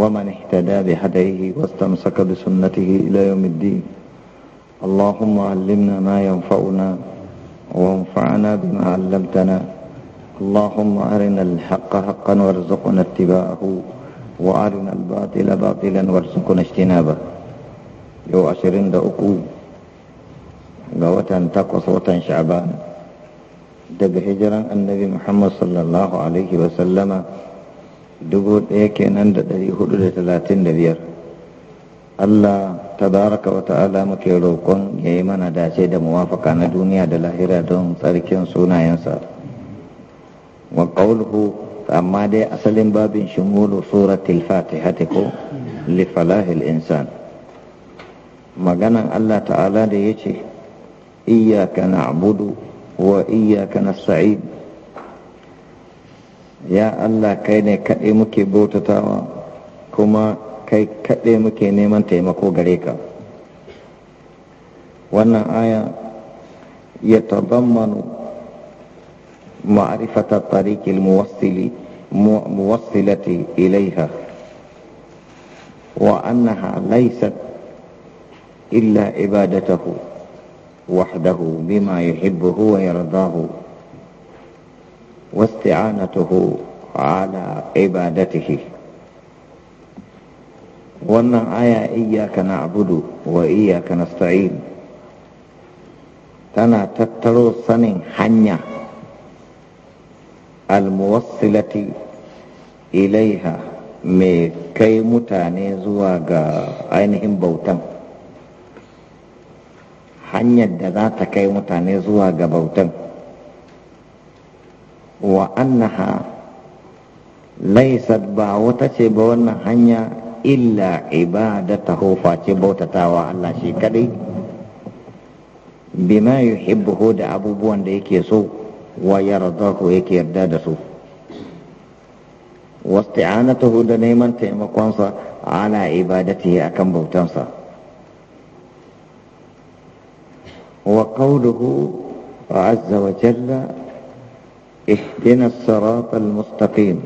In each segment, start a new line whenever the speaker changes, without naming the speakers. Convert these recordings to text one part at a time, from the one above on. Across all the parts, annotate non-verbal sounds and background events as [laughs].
ومن اهتدى بهديه واستمسك بسنته إلى يوم الدين اللهم علمنا ما ينفعنا وانفعنا بما علمتنا اللهم أرنا الحق حقا وارزقنا اتباعه وأرنا الباطل باطلا وارزقنا اجتنابه يو أشرين دا أكو غوتان تقص وتان شعبان دب هجران النبي محمد صلى الله عليه وسلم dubu ɗaya kenan da ɗari hudu da talatin da biyar Allah tabaraka wa ta'ala muke roƙon ya yi mana dace da muwafaka na duniya da lahira don tsarkin sunayensa wa amma dai asalin babin shimulu suratul fatihati ko lifalahil insan maganan Allah ta'ala da ya ce, yace na abudu wa na sa'id. ya Allah kai ne kaɗai muke bautatawa kuma kai kaɗai muke neman taimako gare ka wannan aya ya tabammanu ma'rifata tariqil muwassili muwassilati ilaiha wa annaha laysat illa ibadatahu wahdahu bima yuhibbuhu wa yardahu واستعانته على عبادته wannan aya iyaka na abudu wa iyaka nasta'in tana tattaro sanin hanya almuwassilati ilaiha mai kai mutane zuwa ga ainihin bautan hanyar da za ta kai mutane zuwa ga bautan wa annaha laysat ba wata ce ba wannan hanya illa ibadatahu face bautatawa Allah shi kadai bima yuhibbuhu da abubuwan da yake so wa yardahu yake yarda da su wasti'anatuhu da neman taimakonsa ala ibadatihi akan bautansa wa qawluhu azza wa اهدنا الصراط المستقيم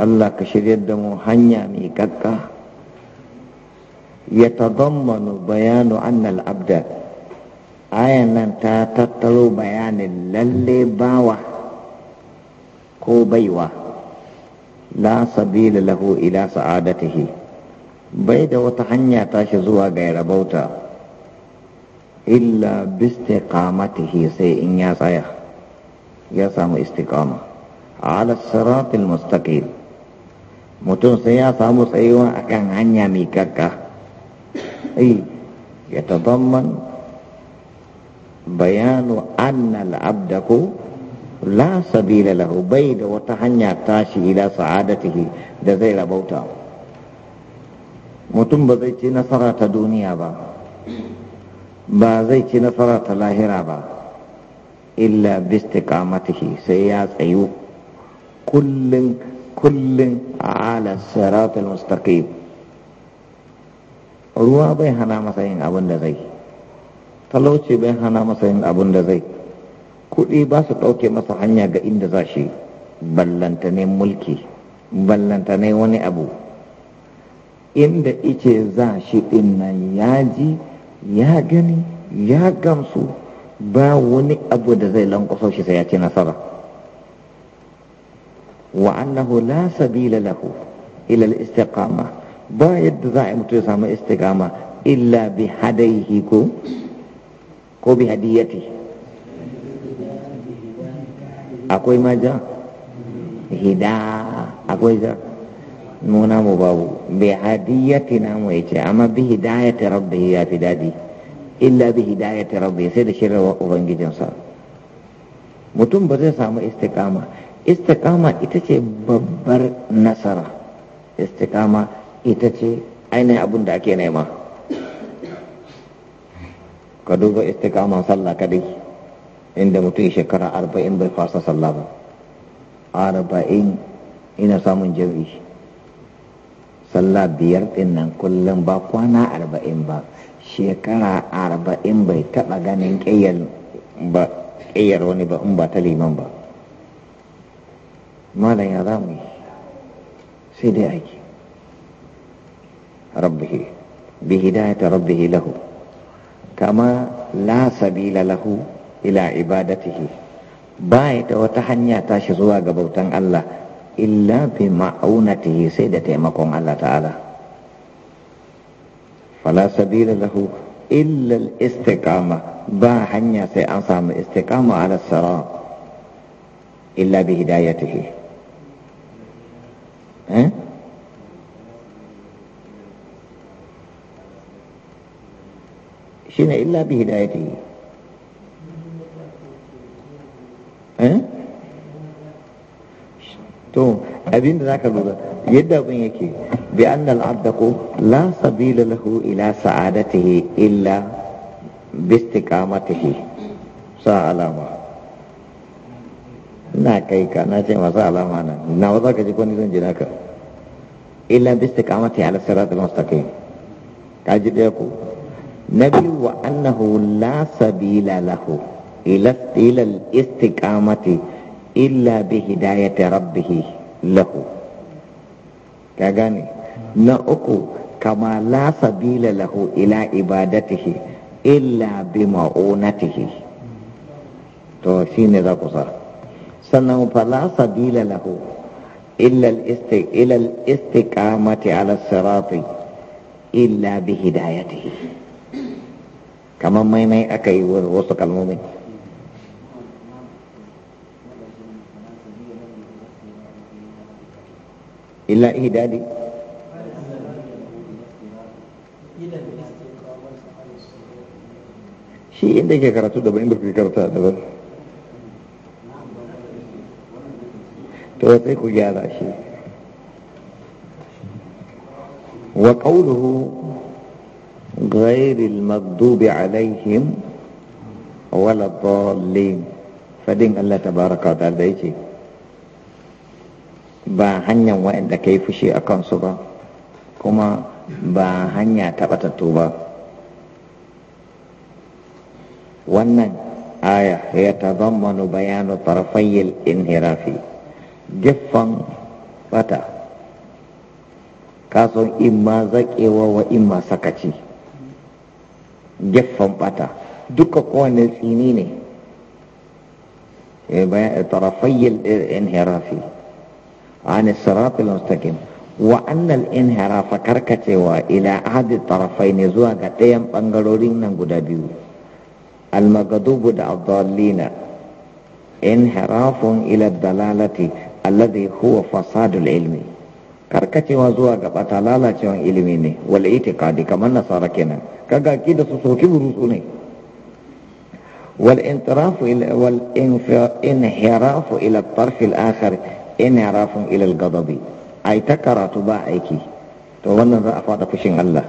الله كشري الدم هنيا ميكاكا يتضمن بيان أن العبد آية تتطلو بيان للي باوة كو بيوة لا سبيل له إلى سعادته بيد وتحنيا تاشزوها غير بوتا إلا باستقامته سيئن يا صيح يصام استقامة على الصراط المستقيم متون سيا صامو سيوا أكان عنيا ميكاكا أي يتضمن بيان أن العبد لا سبيل له بيد وتحنيا تاشي إلى سعادته دزيل بوتا متون بزيتي نصرات دنيا با بزيتي نصرات لاهرة با, illa bistiqamatihi sai ya tsayu kullun kullun ala siratal mustaqim ruwa bai hana masa yin abin da zai talauci bai hana masa yin abin da zai kuɗi ba su ɗauke masa hanya ga inda za shi ballanta ne mulki ballanta ne wani abu inda ice za shi ɗin nan ya ji ya gani ya gamsu ba wani abu da zai lankwasa shi sai ya ci nasara wa annahu la sabila lahu ila al-istiqama ba yadda za a mutu ya samu istiqama illa bi hadaihi ko ko bi hadiyati akwai maja hida akwai ja? nuna mu babu bi hadiyati namu yace amma bi hidayati rabbi ya fi dadi illa bi hidayati rabbi sai da shirarwa ubangijinsa mutum ba zai samu istiqama istiqama ita ce babbar nasara istiqama ita ce ainihin abin da ake nema ka duba istiqama sallah kadai inda mutum shekara arba'in bai fasa sallah ba arba'in ina samun jami'i sallah biyar din nan kullum ba kwana arba'in ba shekara arba'in bai taɓa ganin ƙayyar wani ba in ba ta liman ba malam ya zamu sai dai aiki rabbihi bi hidayata rabbihi lahu kama la sabila lahu ila ibadatihi ba da wata hanya tashi zuwa ga bautan Allah illa bi ma'aunatihi sai da taimakon Allah ta'ala فلا سبيل له إلا الاستقامة با حنيا سيأنصام استقامة على الصراط إلا بهدايته ها؟ شين إلا بهدايته ها؟ تو abinda zaka lura yadda abin yake bi anna al la sabila lahu ila sa'adatihi illa bi istiqamatihi sa alama na kai ka na ce masa alama na na wasa ka ji ko ni zan ji naka illa bi istiqamatihi ala siratal mustaqim ka ji da ku na biyu wa annahu la sabila lahu ila ila al-istiqamati illa bi hidayati rabbih lahu ka gane na uku kama la sabila lahu ila ibadatihi illa bi ma'unatihi to ne za ku sa sannan fa la sabila lahu illa al-istiqamati ala sirati illa bi hidayatihi kamar maimai aka yi wasu kalmomin إلا إيه إهدادي شيء عندك يا كرتو دبر عندك يا كرتو دبر توتيك يا راشي وقوله غير المغضوب عليهم ولا الضالين فدين الله تبارك وتعالى ديكي ba hanyar waɗanda ka yi fushi a kansu ba kuma ba hanya taɓatattu ba wannan aya ya tazammanu bayanu tarfayyil inhirafi gefen bata kasan imma zaƙewa wa imma sakaci gefen bata duka kowane tsini ne eh, tarafayyil inhirafi عن الصراط المستقيم وأن الانحراف كركتوا إلى أحد الطرفين زوا قتيم بانغلورين نغدابيو المغضوب دا الضالين انحراف إلى الضلالة الذي هو فساد العلم karkacewa zuwa ga bata lalacewan ilimi ne wal itiqadi kamar nasara kenan kaga ki da su soki burutsu ne wal ila ina rafin ilal gadabi ai ta karatu ba aiki to wannan za a fada fushin Allah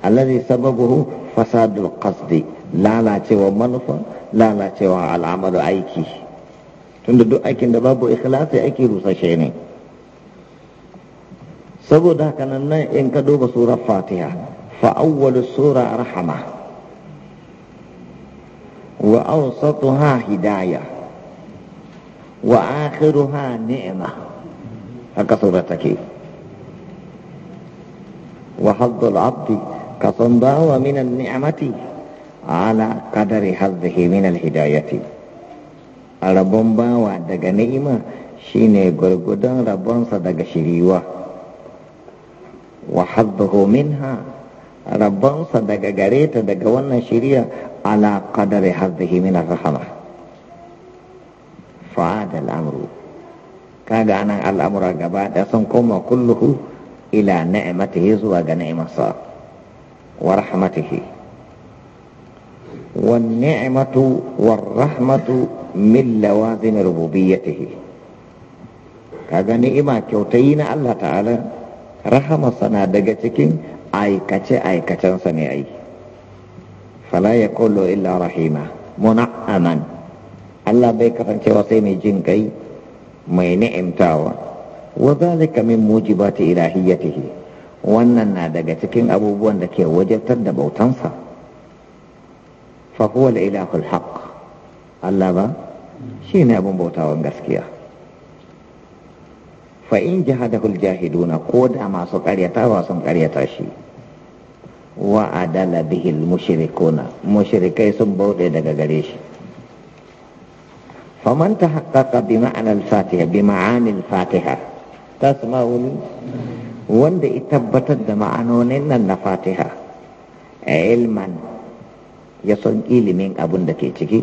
allazi sababuhu fasadul qasdi lalacewa manufa lalacewa al'amal aiki tunda duk aikin da babu ikhlasi aiki rusashe ne saboda haka nan nan in ka duba surar fatiha fa awwalu sura rahama wa awsatuha hidayah wa akhiruha ni'ma haka sura take wa haddul abdi kasan bawa min ni'mati ala qadari hadhihi min al-hidayati rabon bawa daga ni'ima shine gurgudan rabonsa daga shiriwa wa haddahu minha rabonsa daga gareta daga wannan shiriya ala qadari hadhihi min ar-rahmah فعاد الأمر كاد أنا الأمر قبادة سنقوم كله إلى نعمته زواج نعمة صار ورحمته والنعمة والرحمة من لوازم ربوبيته كذا نعمة كوتين الله تعالى رحم صنا دقتك أي كتش أي كتش صنعي فلا يقول إلا رحيما منعما Allah bai kasancewa sai mai jin kai mai ni'imtawa wa zalika min mujibati ilahiyyatihi wannan na daga cikin abubuwan da ke wajabtar da bautansa fa huwa al-ilahul haqq Allah ba Shi ne abin bautawan gaskiya fa in al jahiduna ko da masu karyatawa sun karyata shi wa adala bihil mushrikuna mushrikai sun bauɗe daga gare shi فمن تحقق بمعنى الفاتحة بمعاني الفاتحة تسمعوني وند اتبتت ان الفاتحة علما يصن من أبن دكي تكي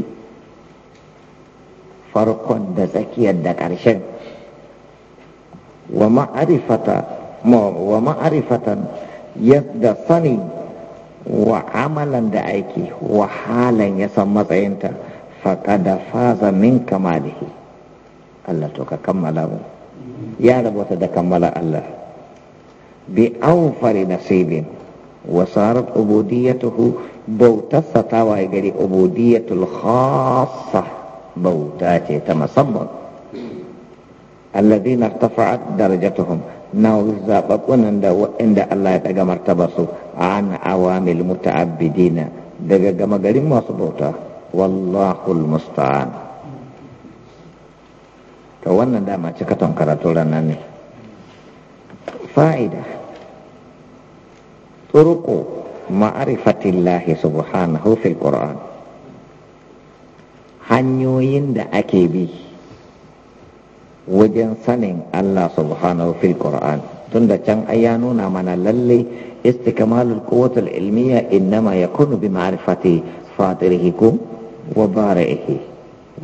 فرق دزكي الدكارشن ومعرفة ومعرفة يبدأ صني وعملا دعيكي وحالا يصمت عينتا faƙada faza min kamalihi Allah to ka kammala mu ya rabota da kammala Allah bi fari nasibin wa sarat ubudiyatuhu bautarsa ta waye gari ubudiyatul khassa bauta ce ta musamman alladhina irtafa'at darajatuhum na zaɓaɓɓunan da waɗanda Allah ya ɗaga martabarsu an awamil muta'abbidina daga gama garin masu bauta Wallahulmusta'an, المستعان to wannan dama cikaton karatu ranar ne fa'ida turuku ma'arifatillahi subhanahu fil qur'an hanyoyin da ake bi wajen sanin Allah subhanahu fil qur'an tunda can ai ya nuna mana lalle istikamalul quwwatul ilmiya innama yakunu bi ma'rifati fatirihi ko وبارئه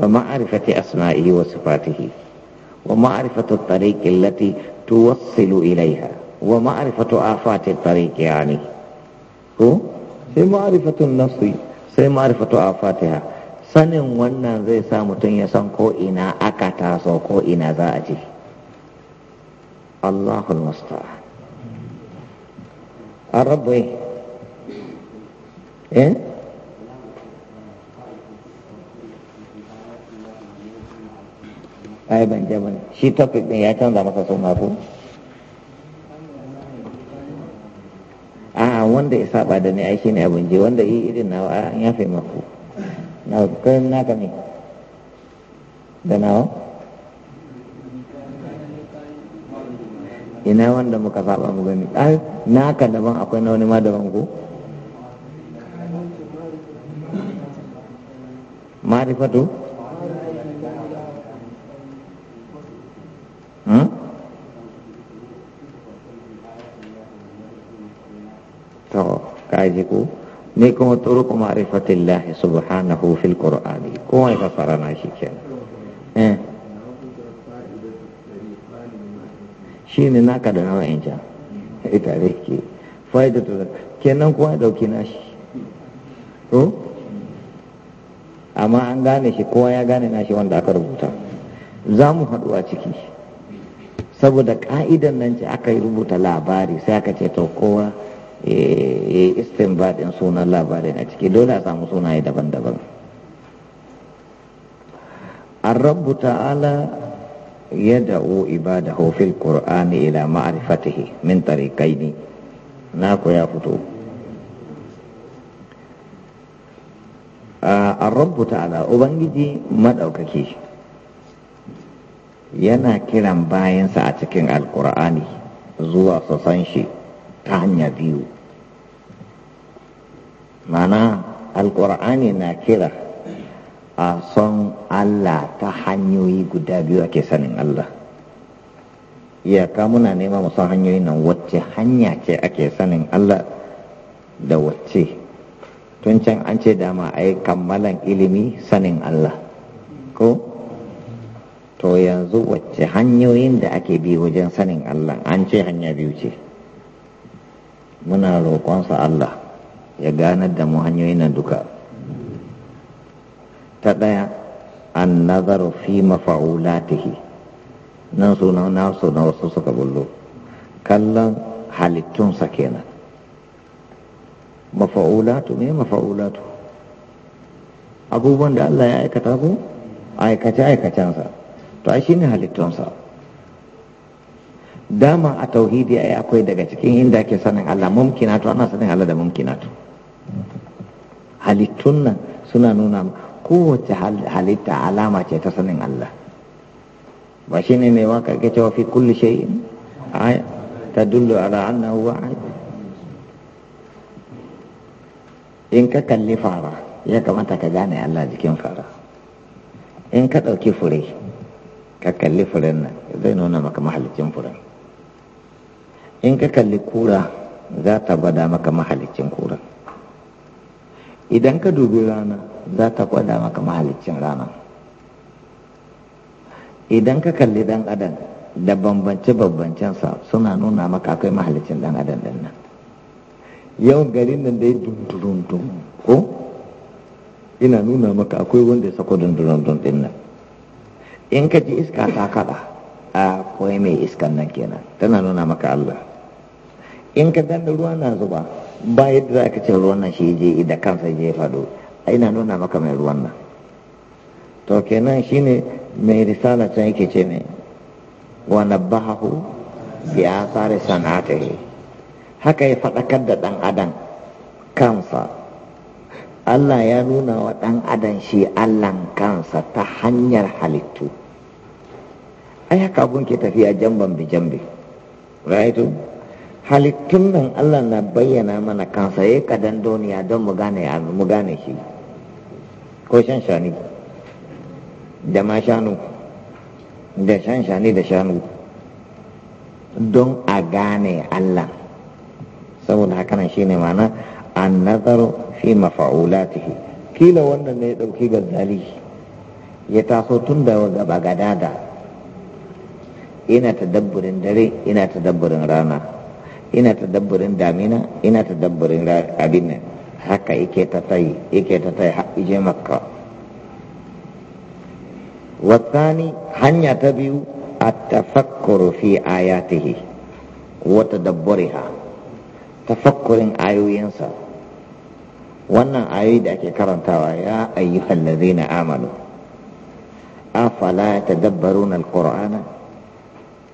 ومعرفة أسمائه وصفاته ومعرفة الطريق التي توصل إليها ومعرفة آفات الطريق يعني هو sai ma'arifatun nafsi sai ma'arifatu a sanin wannan zai sa mutum ya san ko ina aka taso ko ina za a je allahul musta'an rabbi eh ai ban je bane shi topic din ya canza masa suna ko a wanda ya saba da ni aiki ne abin je wanda yi irin nawa an yafe maku na kai naka ne da nawa ina wanda muka saba mu gani ai naka daban akwai na wani ma daban ko ma'rifatu to hmm? kaji ko ne kuma turuku ma'rifatillah subhanahu fil qur'ani ko ai fasara na shi kenan eh shine naka da nawa inja ita ne ke faidatu kenan kuma dauki nashi to amma an gane shi kowa ya gane nashi wanda aka rubuta za mu haɗu a ciki saboda ka'idan nan ce aka yi rubuta labari sai aka ce to kowa eh, ya yi istimbadin sunan labarin a ciki dole a samu sunaye daban-daban an rabu ta'ala ya da'o ibada hofil ƙur'ani ila ma'arifatihi min tarikai ne na ku ya fito an ah, rabu ta'ala ubangiji maɗaukaki shi yana kiran bayansa a cikin alkur'ani zuwa su san shi ta hanya biyu mana alkur'ani na kira a son allah ta hanyoyi guda biyu ake sanin allah iyaka muna nema musan hanyoyi nan wacce hanya ce ake sanin allah da wacce tun can an ce dama a yi kammalan ilimi sanin allah ko to yanzu wacce hanyoyin da ake bi wajen sanin Allah an ce hanya biyu ce muna roƙonsa Allah ya ganar da mu hanyoyin nan duka ta ɗaya an nazaru fi mafa'ulatihi nan suna na na wasu suka bullo kallon halittunsa kenan mafa'ulatu me mafa'ulatu abubuwan da Allah ya aikata ku aikace-aikacensa to ai ne halittunsa dama a tauhidi ai akwai daga cikin inda ake sanin Allah mumkinatu ana sanin Allah da mumkinatu halittun nan suna nuna kowace halitta alama ce ta sanin Allah ba ne mai waka ga cewa fi kulli shay'in ta dullu na annahu wahid in ka kalli fara ya kamata ka gane Allah jikin fara in ka ɗauki fure ka kalli furen nan zai nuna maka mahalicin furen in ka kalli kura za ta gwada maka mahalicin kura. idan ka dubi rana za ta gwada maka mahalicin rana idan ka kalli dan adam da bambance-bambancensa suna nuna maka akwai mahalicin dan adam din nan yau garin nan da ya dundurundun ko ina nuna maka akwai wanda ya sako dundurundun din nan in ka ji iska ta kaɗa a koyi mai iskan nan kenan tana nuna maka Allah in ka da ruwa na zuba ba yadda za ka ce ruwan nan shi je idan kansa je faɗo ina nuna maka mai ruwan nan to kenan shine mai risala can yake ce mai wa nabbahahu bi tsari sanatihi haka ya faɗakar da ɗan adam kansa Allah ya nuna wa ɗan adam shi Allahn kansa ta hanyar halittu ai haka abun ke tafiya jamban bi jambe raitu halittun nan Allah na bayyana mana kansa ya kadan duniya don mu gane mu gane shi ko shan shani da ma shanu da shan shani da shanu don a gane Allah saboda haka nan shine mana an nazaru fi mafa'ulatihi kila wannan ne ya dauki gazali ya taso tun da gaba da ina tadabburin dare ina tadabburin rana ina tadabburin damina ina tadabburin abin nan haka yake ta tai yake ta tai har ije makka wasani hanya ta biyu a tafakkuru fi ayatihi wa tadabburiha tafakkurin ayoyinsa wannan ayoyi da ake karantawa ya ayyuhallazina amanu afala tadabbaruna alqur'ana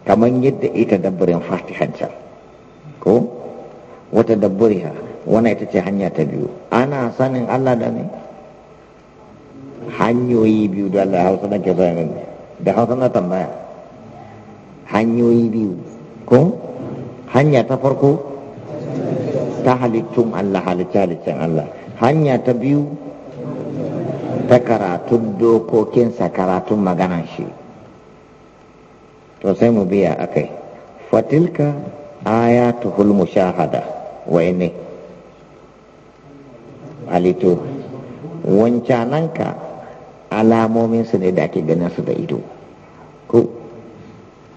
kamar yadda ita dabbarin fatihan can ko wata ha, wani ita ce hanya ta biyu ana sanin Allah da ne hanyoyi biyu da Allah hausa na ke zanen da hausa na tambaya hanyoyi biyu ko hanya ta farko ta halittun Allah halicce haliccen Allah hanya ta biyu ta karatun dokokinsa karatun maganan shi to sai mu biya akai fatilka ayatul mushahada wai ne alito wancananka alamomin su ne da ake ganin su da ido ko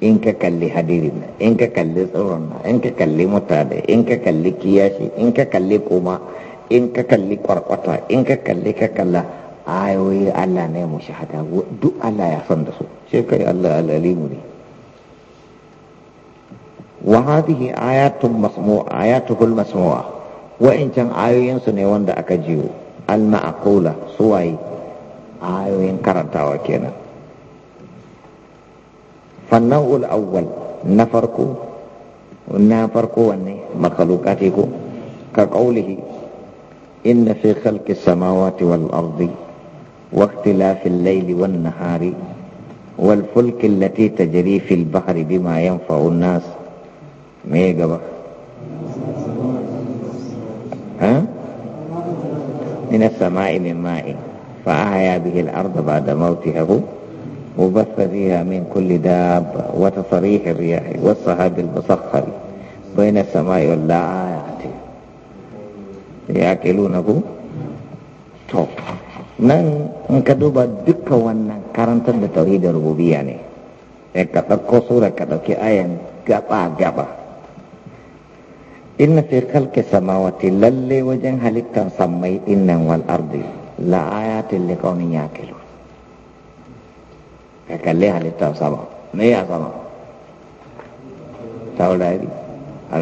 in ka kalli hadirin na, in ka kalli tsoron na, in ka kalli mutane in ka kalli kiyashi in ka kalli kuma in ka kalli kwarkwata in ka kalli ka kalla ayoyi Allah ne mu shahada duk Allah ya san da su Shekaru Allah alalimu ne وهذه آيات مسموعة آياته المسموعة وإن كان آيوين سنوان دا أكجيو المعقولة سواي آيوين كارتا وكينا فالنوع الأول نفركو نفركو واني مخلوقاتيكو كقوله إن في خلق السماوات والأرض واختلاف الليل والنهار والفلك التي تجري في البحر بما ينفع الناس megawa ha min samai min ma'in fa ahya bihi al-ardha ba'da mawtiha wa batha fiha min kulli dab wa tasrih ar-riyah wa sahab al-musakhkhar baina as-sama'i wal-ardh yaqilunahu to nan in ka duba dukkan wannan karantar da tauhidar rububiyya ne sai ka dauko sura ka dauki ayan gaba gaba inna fi khalqi samawati lalle wajen halittar sammai dinnan wal ardi la ayatin li qaumin yaqilu ka kalle halittar sama me ya sama taurari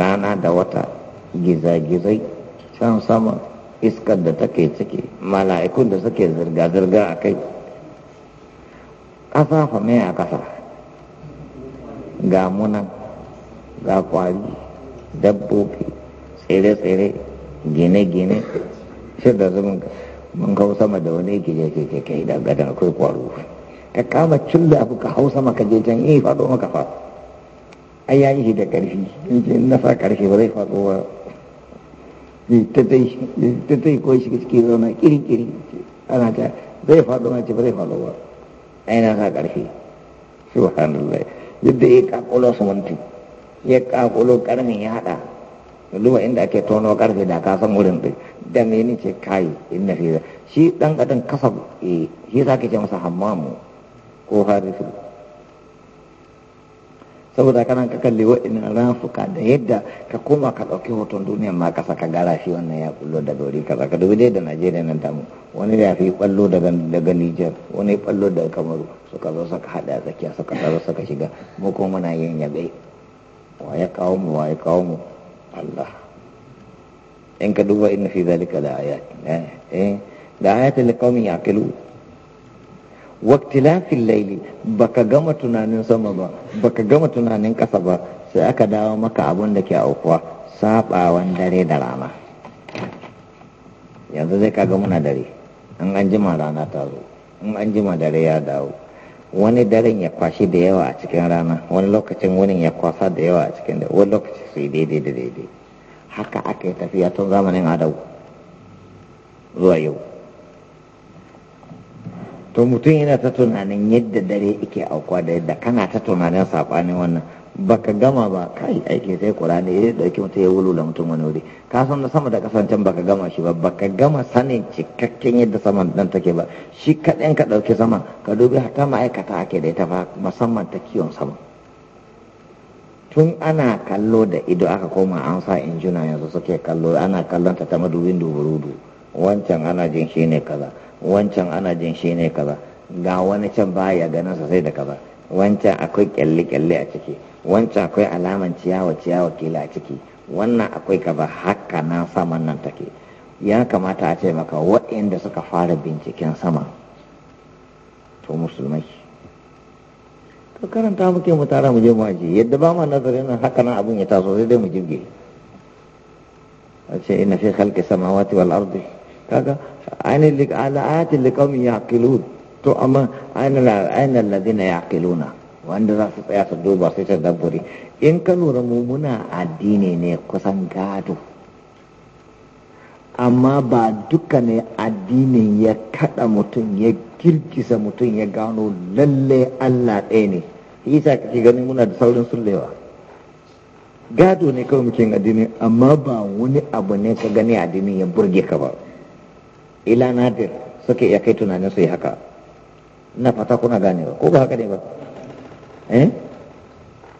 rana da wata gizagizai can sama iskar da take ciki mala'ikun da suke zirga-zirga a kai ƙasa fa me a ƙasa ga munan ga kwari dabbobi tsere-tsere gine-gine shi da zumin mun hau sama da wani ke je ke kai da gadan akwai kwaro ka kama cin da abu ka hau sama ka je can yi eh, faɗo maka fa a ya yi da ƙarfi in na sa ƙarfi ba zai faɗo ba ta ta yi ko shi suke zauna kiri-kiri ana ta zai faɗo na ce ba zai faɗo ba a yana sa ƙarfi subhanallah yadda ya kakulo su mantin ya kakulo karni ya hada luwa inda ake tono karfe da ka san wurin da da meni ce kai inna fi shi dan kadan kasa e, shi zaka ce masa hammamu ko harifu saboda kana ka kalli wa'annan fuka da yadda ka koma ka dauki hoton duniyar ma kasa ka gara shi wannan ya kullo da dori ka ka dubi dai da Najeriya nan tamu wani ya fi kwallo daga daga Niger wani kwallo daga Kamaru suka zo suka hada tsakiya suka zo suka shiga mu kuma muna yin yabe wa ya kawo mu wa ya kawo mu Allah in ka duba inna fi zalika la ayat eh da ayatin liqaumin yaqilu waqtilafil layli baka gama tunanin sama ba baka gama tunanin kasa ba sai aka dawo maka abun da ke aukuwa sabawan dare da rana yanzu zai kaga muna dare in an jima rana ta zo in an jima dare ya dawo wani daren ya kwashi da yawa a cikin rana wani lokacin wani ya kwasa da yawa a cikin da wani lokacin su yi daidai da daidai haka aka yi tafiya tun zamanin adau zuwa yau to mutum yana ta tunanin yadda dare yake aukuwa da yadda kana ta tunanin saɓanin wannan baka gama ba kai aiki sai kurani ya dauki mutum ya wulula mutum wani wuri ka san da sama da kasan can baka gama shi ba baka gama sanin cikakken yadda saman nan take ba shi kaɗan ka ɗauki sama ka dubi hata ma'aikata ake da ita ba musamman ta kiwon sama tun ana kallo da ido aka koma an sa injuna yanzu suke kallo ana kallon ta ta madubin duburudu wancan ana jin shi ne kaza wancan ana jin shi ne kaza ga wani can baya ganin sa sai da kaza wancan akwai kyalle-kyalle a ciki wancan akwai alaman ciyawa ciyawa kila a ciki wannan akwai gaba haka na saman nan take ya kamata a ce maka waɗanda suka fara binciken sama to musulmai ka karanta muke mu tara mu je mu aji yadda ba ma nazarin nan haka nan abin ya taso sai dai mu jirge a ce ina fi khalqi samawati wal ardi kaga ainihin ala ayatin liqaumin yaqilun to amma ainihin alladhina yaqiluna wanda za su tsaya su duba sai ta dabburi in ka lura mu muna addini ne kusan gado amma ba duka ne addinin ya kada mutum ya girgiza mutum ya gano lalle Allah ɗaya ne isa kake gani muna da saurin sullewa gado ne kawai muke addini amma ba wani abu ne ka gani addinin ya burge ka ba ila nadir suke iya kai tunanin su yi haka na fata kuna ganewa ko ba haka ne ba eh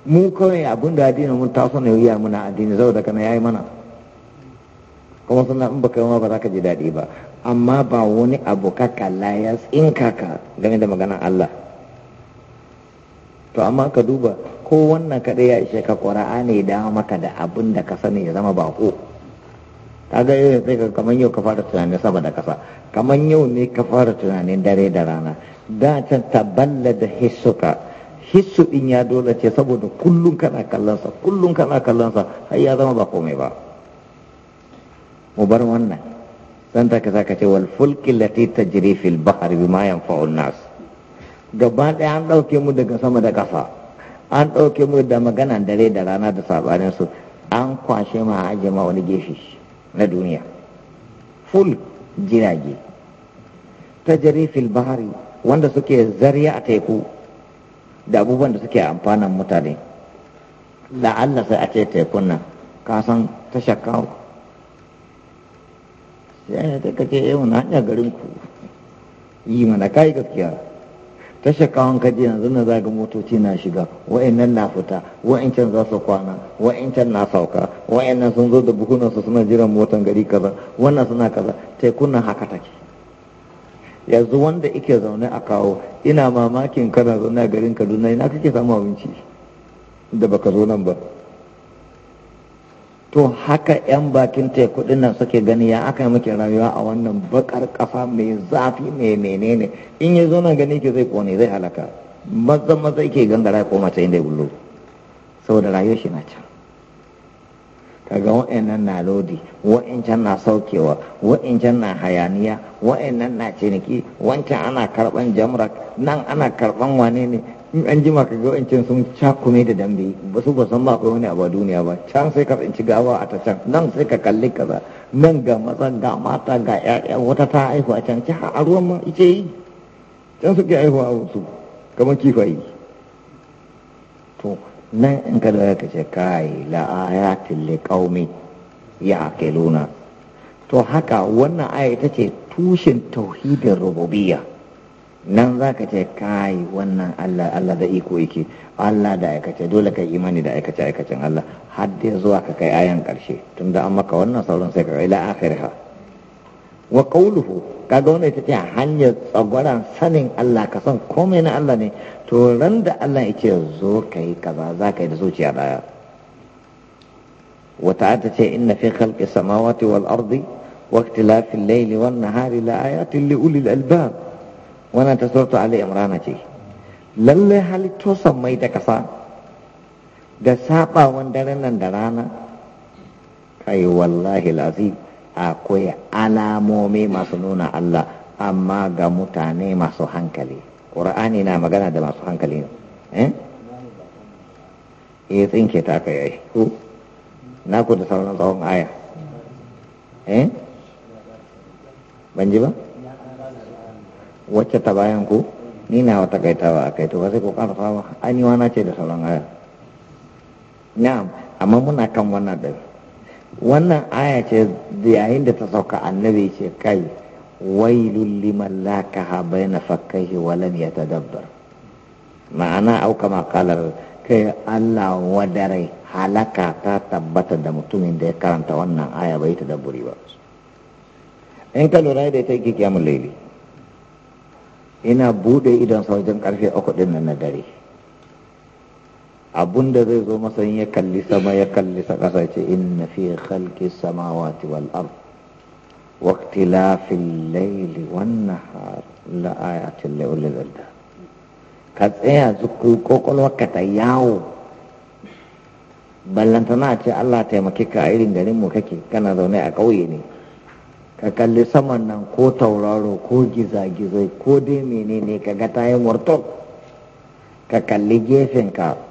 mu kawai abin da addini mun taso na wuya muna addini zau na ya yayi mana kuma suna in baka ma ba za ka ji daɗi ba amma ba wani abu ka kalla ya tsinka ka game da maganar Allah to amma ka duba ko wannan kaɗai ya ishe ka ƙura'a ne da maka da abin da ka sani ya zama ta kaga yau sai ka kamar yau ka fara tunanin sama da kasa kamar yau ne ka fara tunanin dare da rana da can taballa da hisuka. hissu din ya dole ce saboda kullum kana kallonsa kullum kana kallonsa har ya zama ba komai ba mu bar wannan dan ta ka ce wal fulki lati tajri fil bahri bima yanfa'u nas gaba ɗaya an ɗauke mu daga sama da ƙasa an ɗauke mu da magana dare da rana da sabanin su an kwashe ma aje ma wani gefe na duniya ful jirage tajri fil bahri wanda suke zariya a teku da abubuwan da suke amfanan mutane la'alla sai a ce tekun nan ka san tashar kawo eh, sai ta kace yau eh, na hanyar garin ku yi mana kai gaskiya tashar kawon kaji yanzu na zaga motoci na shiga wa'annan na fita wa'ancan za su kwana wa'ancan na sauka wa'annan sun zo da bukunan su suna jiran motan gari kaza wannan suna kaza tekunan haka take yanzu wanda ike zaune a kawo ina mamakin kana zaune a garin kaduna ina kake samu abinci da baka zo nan ba to haka 'yan bakin teku nan suke gani ya aka yi muke rayuwa a wannan bakar kafa mai zafi mai menene in ya zo na gani ke zai kone zai halaka maza maza ke gangara koma ta inda ya bullo saboda rayuwar shi na can kaga wa'annan na lodi wa'ancan na saukewa wa'ancan na hayaniya wa'annan na ciniki wancan ana karban jamra nan ana karban wane ne in an jima ka ga wa'ancan sun cakume da dambe ba su ba san ba akwai wani abu a duniya ba can sai ka tsinci gawa a ta can nan sai ka kalli kaza nan ga maza ga mata ga ƴaƴa wata ta haihu a can har a ruwan ma ice yi can suke haihuwa a wasu kamar kifayi to nan in ka da ka ce kai la'ayatin li ya keluna to haka wannan aya ita ce tushen tauhidin rububiyya nan za ka ce kai wannan Allah Allah da iko yake Allah da aikace dole ka imani da aikace aikacen Allah har dai zuwa ka kai ayan karshe tunda an maka wannan sauran sai ka kai la akhirha wa kauluhu kaga wannan ita ce hanyar tsagwaran sanin Allah ka san komai na Allah ne to ran da Allah yake zo kai kaza za ka yi da zuciya daya wata ta ce inna fi khalqi samawati wal ardi wa ikhtilafi layli wan nahari la ayatin li ulil albab wannan ta suratu ali imran ce lalle halitto sammai da kasa da sabawan daren nan da rana kai wallahi lazim akwai alamomi masu nuna Allah amma ga mutane masu hankali ƙura'ani na magana da masu hankali ne eh, eh tsinke ta ka yayi ku na ku da sauran tsawon aya eh ban ji ba wacce ta bayan ku ni na wata kaitawa a kaito wasu ku ƙarfawa fama yi wana ce da sauran aya na amma muna kan wannan ɗari wannan aya ce yayin da ta sauka annabi ce kai wailul liman na bayna fakkaihi wa ta yatadabbar ma'ana auka makalar kai Allah wadare halaka ta tabbata da mutumin da ya karanta wannan aya bai ta dabburi ba in ka lura da ita yake laili ina bude idon sa karfe uku din nan na dare abun da zai zo masa ya kalli sama ya kalli sa ƙasa ce inna fi khalqi samawati wal ard wa ikhtilafil layli wan nahar la ayatin li ulil albab ka tsaya zuku ka ta yawo ballantana ce Allah taimake ka a irin garin mu kake kana zaune a ƙauye ne ka kalli saman nan ko tauraro ko gizagizai ko dai menene ka ga tayin wartok ka kalli gefen ka.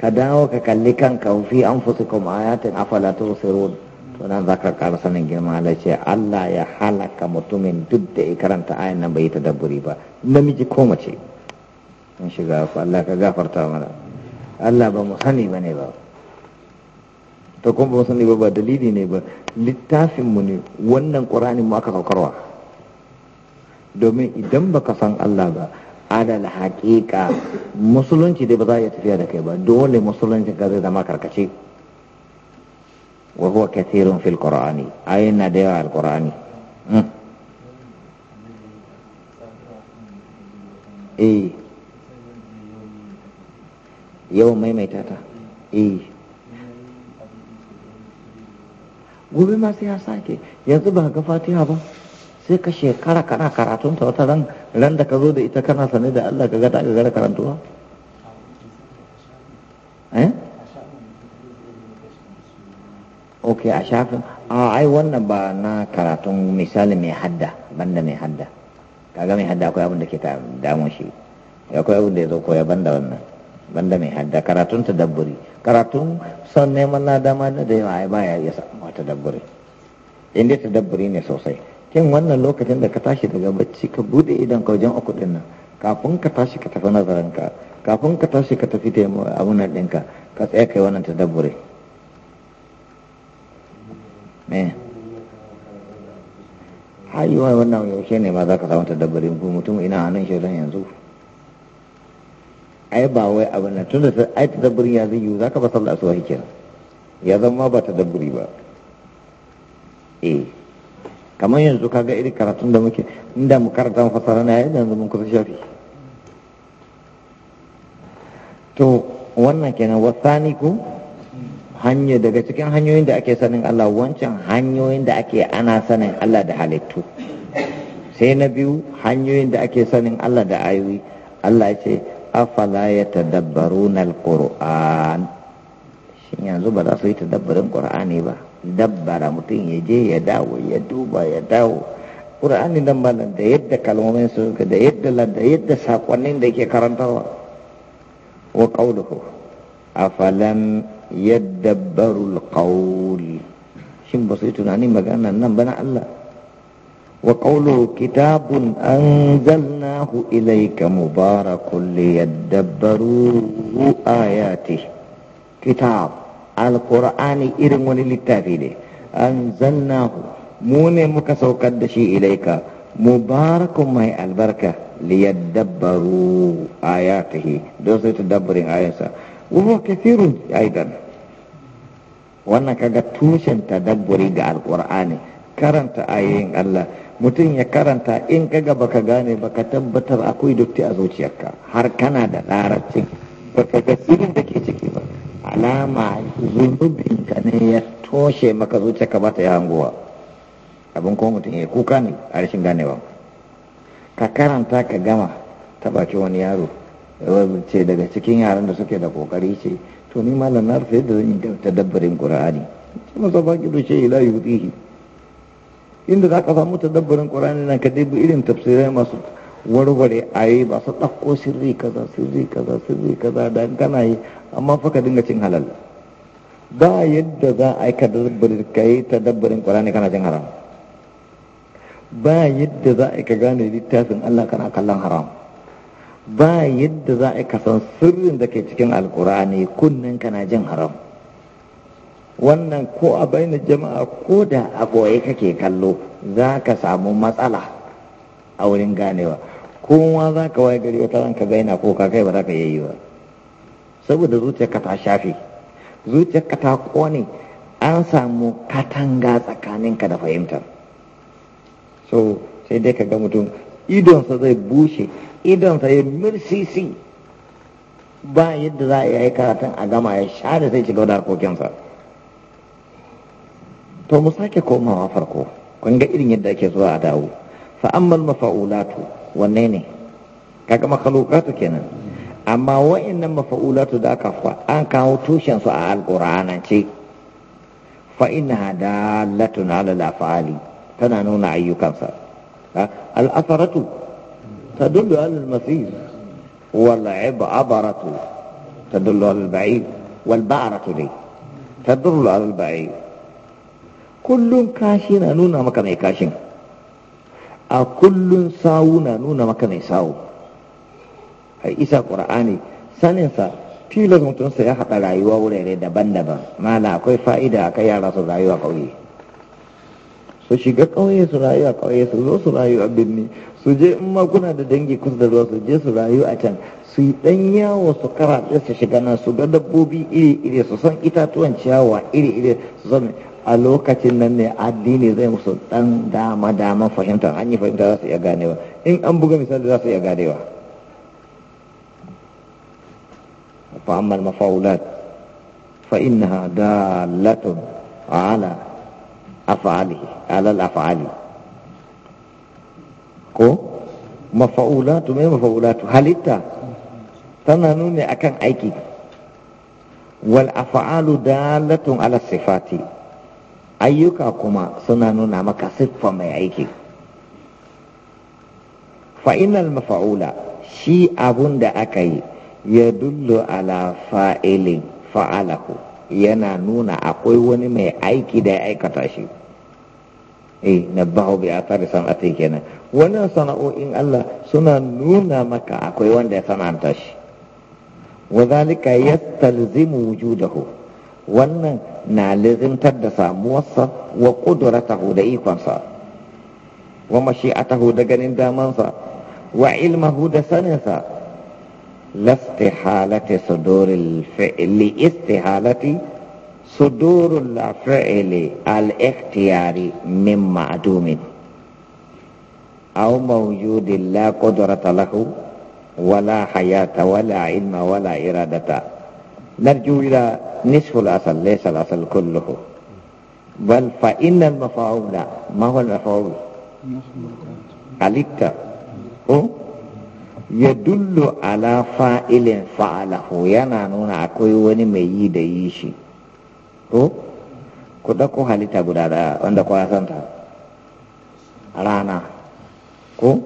ka dawo ka kalli kanka fi anfusikum ayatin afala tusirun tunan nan zaka ƙara sanin girma ala ce Allah ya halaka mutumin duk da ya karanta ayan nan bai ta dabburi ba namiji ko mace in shiga Allah ka gafarta mana Allah ba mu sani ne ba to kuma ba mu sani ba ba dalili ne ba littafin mu ne wannan Qur'ani mu aka saukarwa domin idan baka san Allah ba alal haƙiƙa musulunci dai ba za a iya tafiya da kai ba dole musulunci ka zai zama karkace wa huwa kathirun fil qur'ani ayin na da yawa al qur'ani hmm. eh yau maimaita ta eh gobe ma sai ya sake yanzu ba ga fatiha ba sai ka shekara kana karatun ta wata ran ran da ka zo da ita kana sane da Allah ka ga ta gagara karantuwa eh ok a shafin a ai wannan ba na karatun misali mai hadda banda mai hadda kaga mai hadda akwai abin da ke damu shi akwai abin da ya zo koya banda wannan banda mai hadda karatun ta dabburi, karatun son neman na dama da da yawa ai baya ya samu dabburi inda ta dabburi ne sosai kin wannan lokacin da ka tashi daga bacci ka bude idan ka wajen uku dinnan kafin ka tashi ka tafi nazarinka kafin ka tashi ka tafi da abun ɗinka ka tsaya kai wannan ta me hayuwa wannan yaushe ne ma za ka samu ta ko mutum ina hannun shi yanzu ai ba wai abin nan tun da ai ta dabbure ya zai yi za ka ba sallah asuwa kenan ya zama ba ta dabbure ba eh kamar yanzu kaga irin karatun da muke inda mu karanta fasara na yayin yanzu mun kusa shafi to wannan kenan wasani ku hanya daga cikin hanyoyin da ake sanin Allah wancan hanyoyin da ake ana sanin Allah da halittu sai na biyu hanyoyin da ake sanin Allah da ayoyi Allah ya ce afala ya tadabbaruna alquran shin yanzu ba za su yi tadabbarin qur'ani ba dabbara mutum ya je ya dawo ya duba ya dawo ƙura'ani nan ba da yadda kalmomin su da yadda da yadda saƙonnin da ke karantarwa wa ƙauluhu yadda barul ƙauli shin ba su yi tunanin maganar nan ba na Allah wa ƙauluhu kitabun anzalnahu ilayka mubarakun baru ayati kitab alqur'ani irin wani littafi ne zanna mu ne muka saukar da shi ilaika mubarakun mai albarka ta ayatihi don sai ta dabbarin ayansa wa ya yi aidan wannan kaga tushen tadabburi ga alqur'ani karanta ayoyin Allah mutum ya karanta in kaga baka gane baka tabbatar akwai dukti a zuciyarka har kana da larabcin baka ga da ke alama zunubinka ne ya toshe maka zuciyarka ba ta yi hanguwa abin kuma mutum ya kuka ne a rashin ganewa ka karanta ka gama ta baki wani yaro ce daga cikin yaran da suke da kokari ce to ni malam na rufe da zan yi tadabbarin qur'ani kuma sa baki da shi la inda za ka samu dabbarin ƙura'ani nan ka dubi irin tafsirai masu warware ayi su ɗauko sirri kaza sirri kaza sirri kaza dan kana yi amma fa ka dinga cin halal ba yadda za a yi ka yi tadabbarin ƙwarani kana jin haram ba yadda za a yi ka gane littafin Allah kana kallon haram ba yadda za a yi ka san sirrin da ke cikin alƙurani kunnen kana jin haram wannan ko a baina jama'a ko da a goye kake kallo za ka samu matsala a wurin ganewa kowa za ka waye gari wata ranka gaina ko ka kai ba za ka yayi ba saboda zuciyarka ta shafe zuciyarka ta kone an samu katanga tsakaninka da fahimta so sai dai ka ga mutum idonsa zai bushe idonsa ya mirsisi ba yadda za a yi karatun a gama ya sha da sai shiga da harkokinsa to mu sake komawa farko kun ga irin yadda ake zuwa a dawo fa'ammal mafa'ulatu wanne ne kaga makalokatu kenan amma wa'annan mafa'ulatu da aka an kawo tushen su a ce. fa innaha dalatun ala al-af'ali tana nuna ayyukansa al asaratu tadullu ala al-masir wal abaratu tadullu ala al-ba'id wal ba'ratu dai tadullu ala al-ba'id kullun kashi na nuna maka mai kashin a kullun sawu na nuna maka mai sawu ai isa ƙur'ani saninsa tilas mutunsa ya haɗa rayuwa wurare daban-daban mana akwai fa'ida akai yara su rayuwa ƙauye su shiga ƙauye su rayuwa kauye su zo su rayuwa birni su je in ma kuna da dangi kusa da ruwa su je su rayu a can su yi dan yawo su karaɗe su shiga nan su ga dabbobi iri-iri su san itatuwan ciyawa iri-iri su san a lokacin nan ne addini zai musu ɗan dama-dama fahimta hanyar fahimta za su iya ganewa in an buga misali za su iya ganewa فأما المفعولات فإنها دالة على أفعاله على الأفعال ko mafa'ulatu mai mafa'ulatu halitta tana nuni akan aiki wal af'alu dalatun ala sifati ayyuka kuma suna nuna maka siffa mai aiki fa innal mafa'ula shi abun da aka yi ya dullu ala fa'ilin fa’alaku yana nuna akwai wani mai aiki da ya aikata shi eh na bahu bi athari san'ati kenan wannan sana'o'in Allah suna nuna maka akwai wanda ya sana'anta shi wa zalika yastalzimu wujudahu wannan na lazimtar da samuwarsa wa qudratahu da ikonsa wa mashi'atahu da ganin damansa wa ilmahu da saninsa لاستحالة صدور الفعل لاستحالة صدور الفعل الاختياري من معدوم أو موجود لا قدرة له ولا حياة ولا علم ولا إرادة نرجو إلى نصف الأصل ليس الأصل كله بل فإن المفعول ما هو المفعول عليك هو أه؟ ya dullu ala fa'ilin fa'alahu yana nuna akwai wani mai yi da yi shi ko ku ɗauko halitta guda da wanda kwa santa rana ko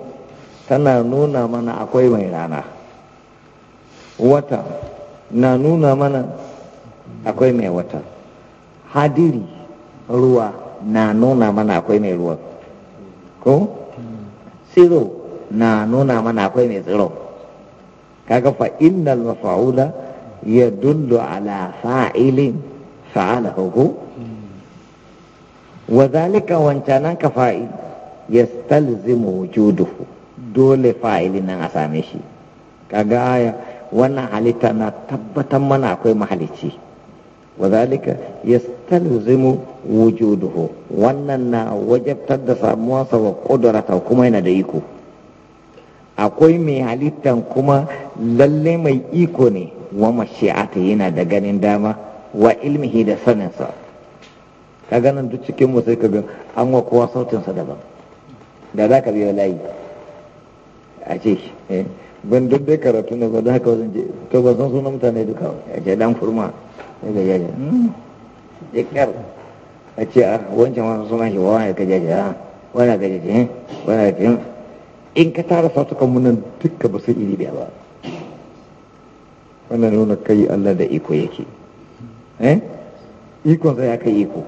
tana nuna mana akwai mai rana wata na nuna mana akwai mai wata hadiri ruwa na nuna mana akwai mai ruwa ko siro na nuna mana akwai mai tsiro kaga fa innal ya yadullu ala fa'ilin fa'ala hu hmm. wa zalika wancanan ka fa'il yastalzimu wujuduhu dole fa'ilin nan a same shi kaga aya wannan halitta na tabbatar mana akwai mahalicci wa zalika yastalzimu wujuduhu wannan na wajabtar da samuwarsa wa qudrata kuma yana da iko akwai mai halittan kuma lalle mai iko ne wa mashi'ata yana da ganin dama wa ilmihi da saninsa ka ganin duk cikin mu sai ka ga an wa kowa sautinsa daban da za ka biyo layi a ce eh, ban duk dai karatu na ba da haka wajen je to ba san sunan mutane duka a ce dan furma daga yaje ikar a ce a ah, wancan wasu sunan shi wa wani ka jaje ah, wani ka jaje eh, wani ka jaje hmm. in ka tara sautukan munan dukka ba su iri daya ba wannan nuna kai Allah da iko yake eh iko ya kai iko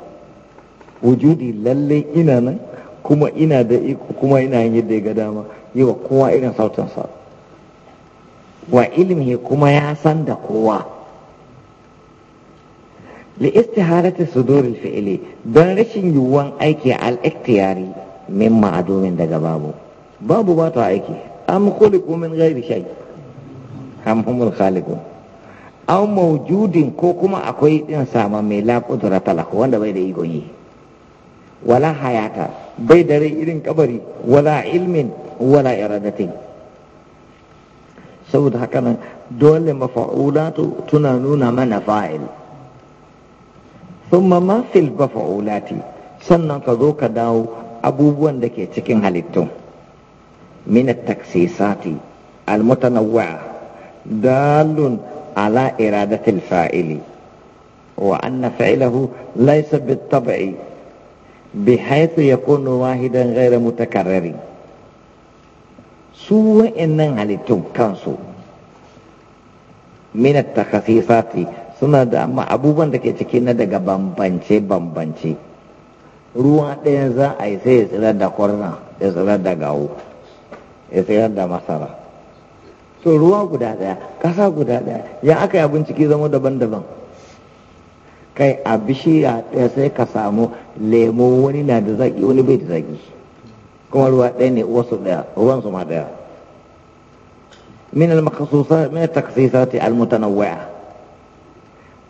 wujudi lalle ina nan kuma ina da iko kuma ina yin yadda ya ga dama yi wa kowa irin sautin sa wa ilmi kuma ya san da kowa li istiharati suduril fi'li don rashin yiwuwan aiki al-ikhtiyari min ma'adumin daga babu babu ba ta aiki an khuliqu min gairi shai. an humul khaliqun An maujudin ko kuma akwai din sama mai la qudrata wanda bai da igoyi. wala hayata bai da rai irin kabari wala ilmin wala iradatin saboda haka nan dole mafa'ulatu tuna nuna mana fa'il thumma ma fil mafa'ulati sannan ka zo ka dawo abubuwan da ke cikin halittun من التكسيسات المتنوعة دال على إرادة الفاعل وأن فعله ليس بالطبع بحيث يكون واحدا غير متكرر سوء إنن عليتم كانسو من التخصيصات suna da amma abubuwan da ke ciki na daga bambance-bambance ruwa ɗaya za a yi sai ya tsirar da kwarna ya tsirar da gawo ya eh, tsayar da masara So, ruwa guda daya ƙasa guda daya ya aka yi binciki zama daban-daban kai a bishiya ɗaya sai ka samu lemo wani na da zaƙi wani bai da zaƙi kuma ruwa ɗaya ne wasu ɗaya ruwan su ma ɗaya min al-makasusa min taksisati na waya.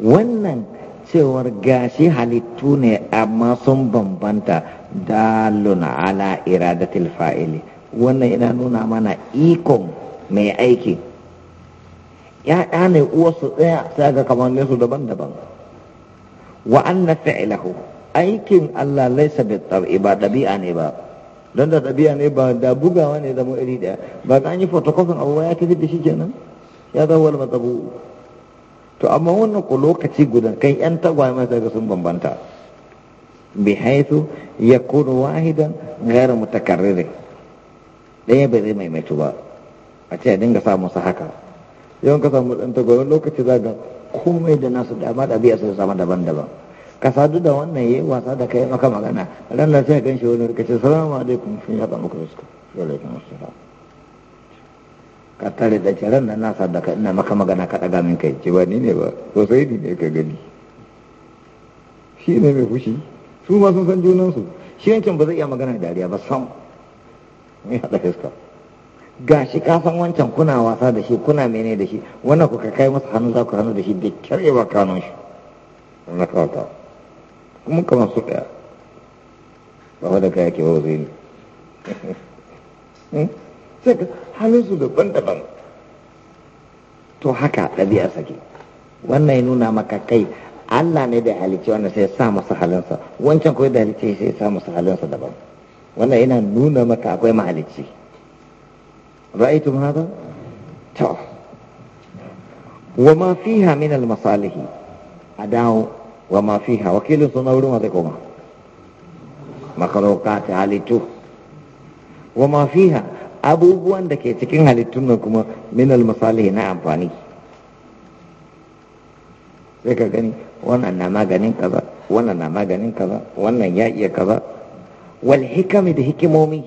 wannan cewar gashi halittu ne amma sun bambanta dalun ala iradatil fa'ili wannan yana nuna mana ikon mai aiki Ya ne uwarsu tsaya sai ga kamannin su daban-daban wa anna fi'lahu aikin Allah laisa bi tab'i ba dabi'a ne ba don da dabi'a ne ba da bugawa ne zama iri daya ba ga an yi photocopying abu ya tafi da shi kenan ya zama wal matsabu to amma wannan ko lokaci guda kai yan tagwaye mai daga sun bambanta bi haythu yakunu wahidan mu mutakarririn ɗaya bai zai maimaitu ba a ce a dinga samun su haka yawan ka samu ɗan tagoron lokaci za ga komai da nasu dama ɗabi'a sun sama daban-daban ka sadu da wannan yayi wasa da kai maka magana ranar sai gan shi wani rikici salamu alaikum sun ya ba muku riska alaikum assalam ka tare da ce ranar na da ka ina maka magana ka ɗaga min kai ce ba ni ne ba sosai ni ne ka gani shi ne mai fushi su ma sun san junansu shi yankin ba zai iya magana dariya ba sam ga shi kafan wancan kuna wasa da shi kuna mene da shi wannan kuka kai masa hannu za ku hannu da shi da kyar yawa kanun shi na kawata kuma kamar su ɗaya ba wadda ka yake wa zai ne hmm? sai ka su daban-daban to haka ɗabi'a sake wannan ya nuna maka kai Allah ne da halicci wannan sai ya sa masa halinsa wancan kawai da halicci sai ya sa masa halinsa daban wannan yana nuna maka akwai mahalicci ra'aytum hada ta wa ma fiha min al masalihi adaw wa ma fiha wakilin suna wurin wa koma. koma makarokat halittu wa ma fiha abubuwan da ke cikin halittun nan kuma min al masalihi na amfani sai ka gani wannan na maganin kaza wannan na maganin kaza wannan ya iya kaza wal hikami da hikimomi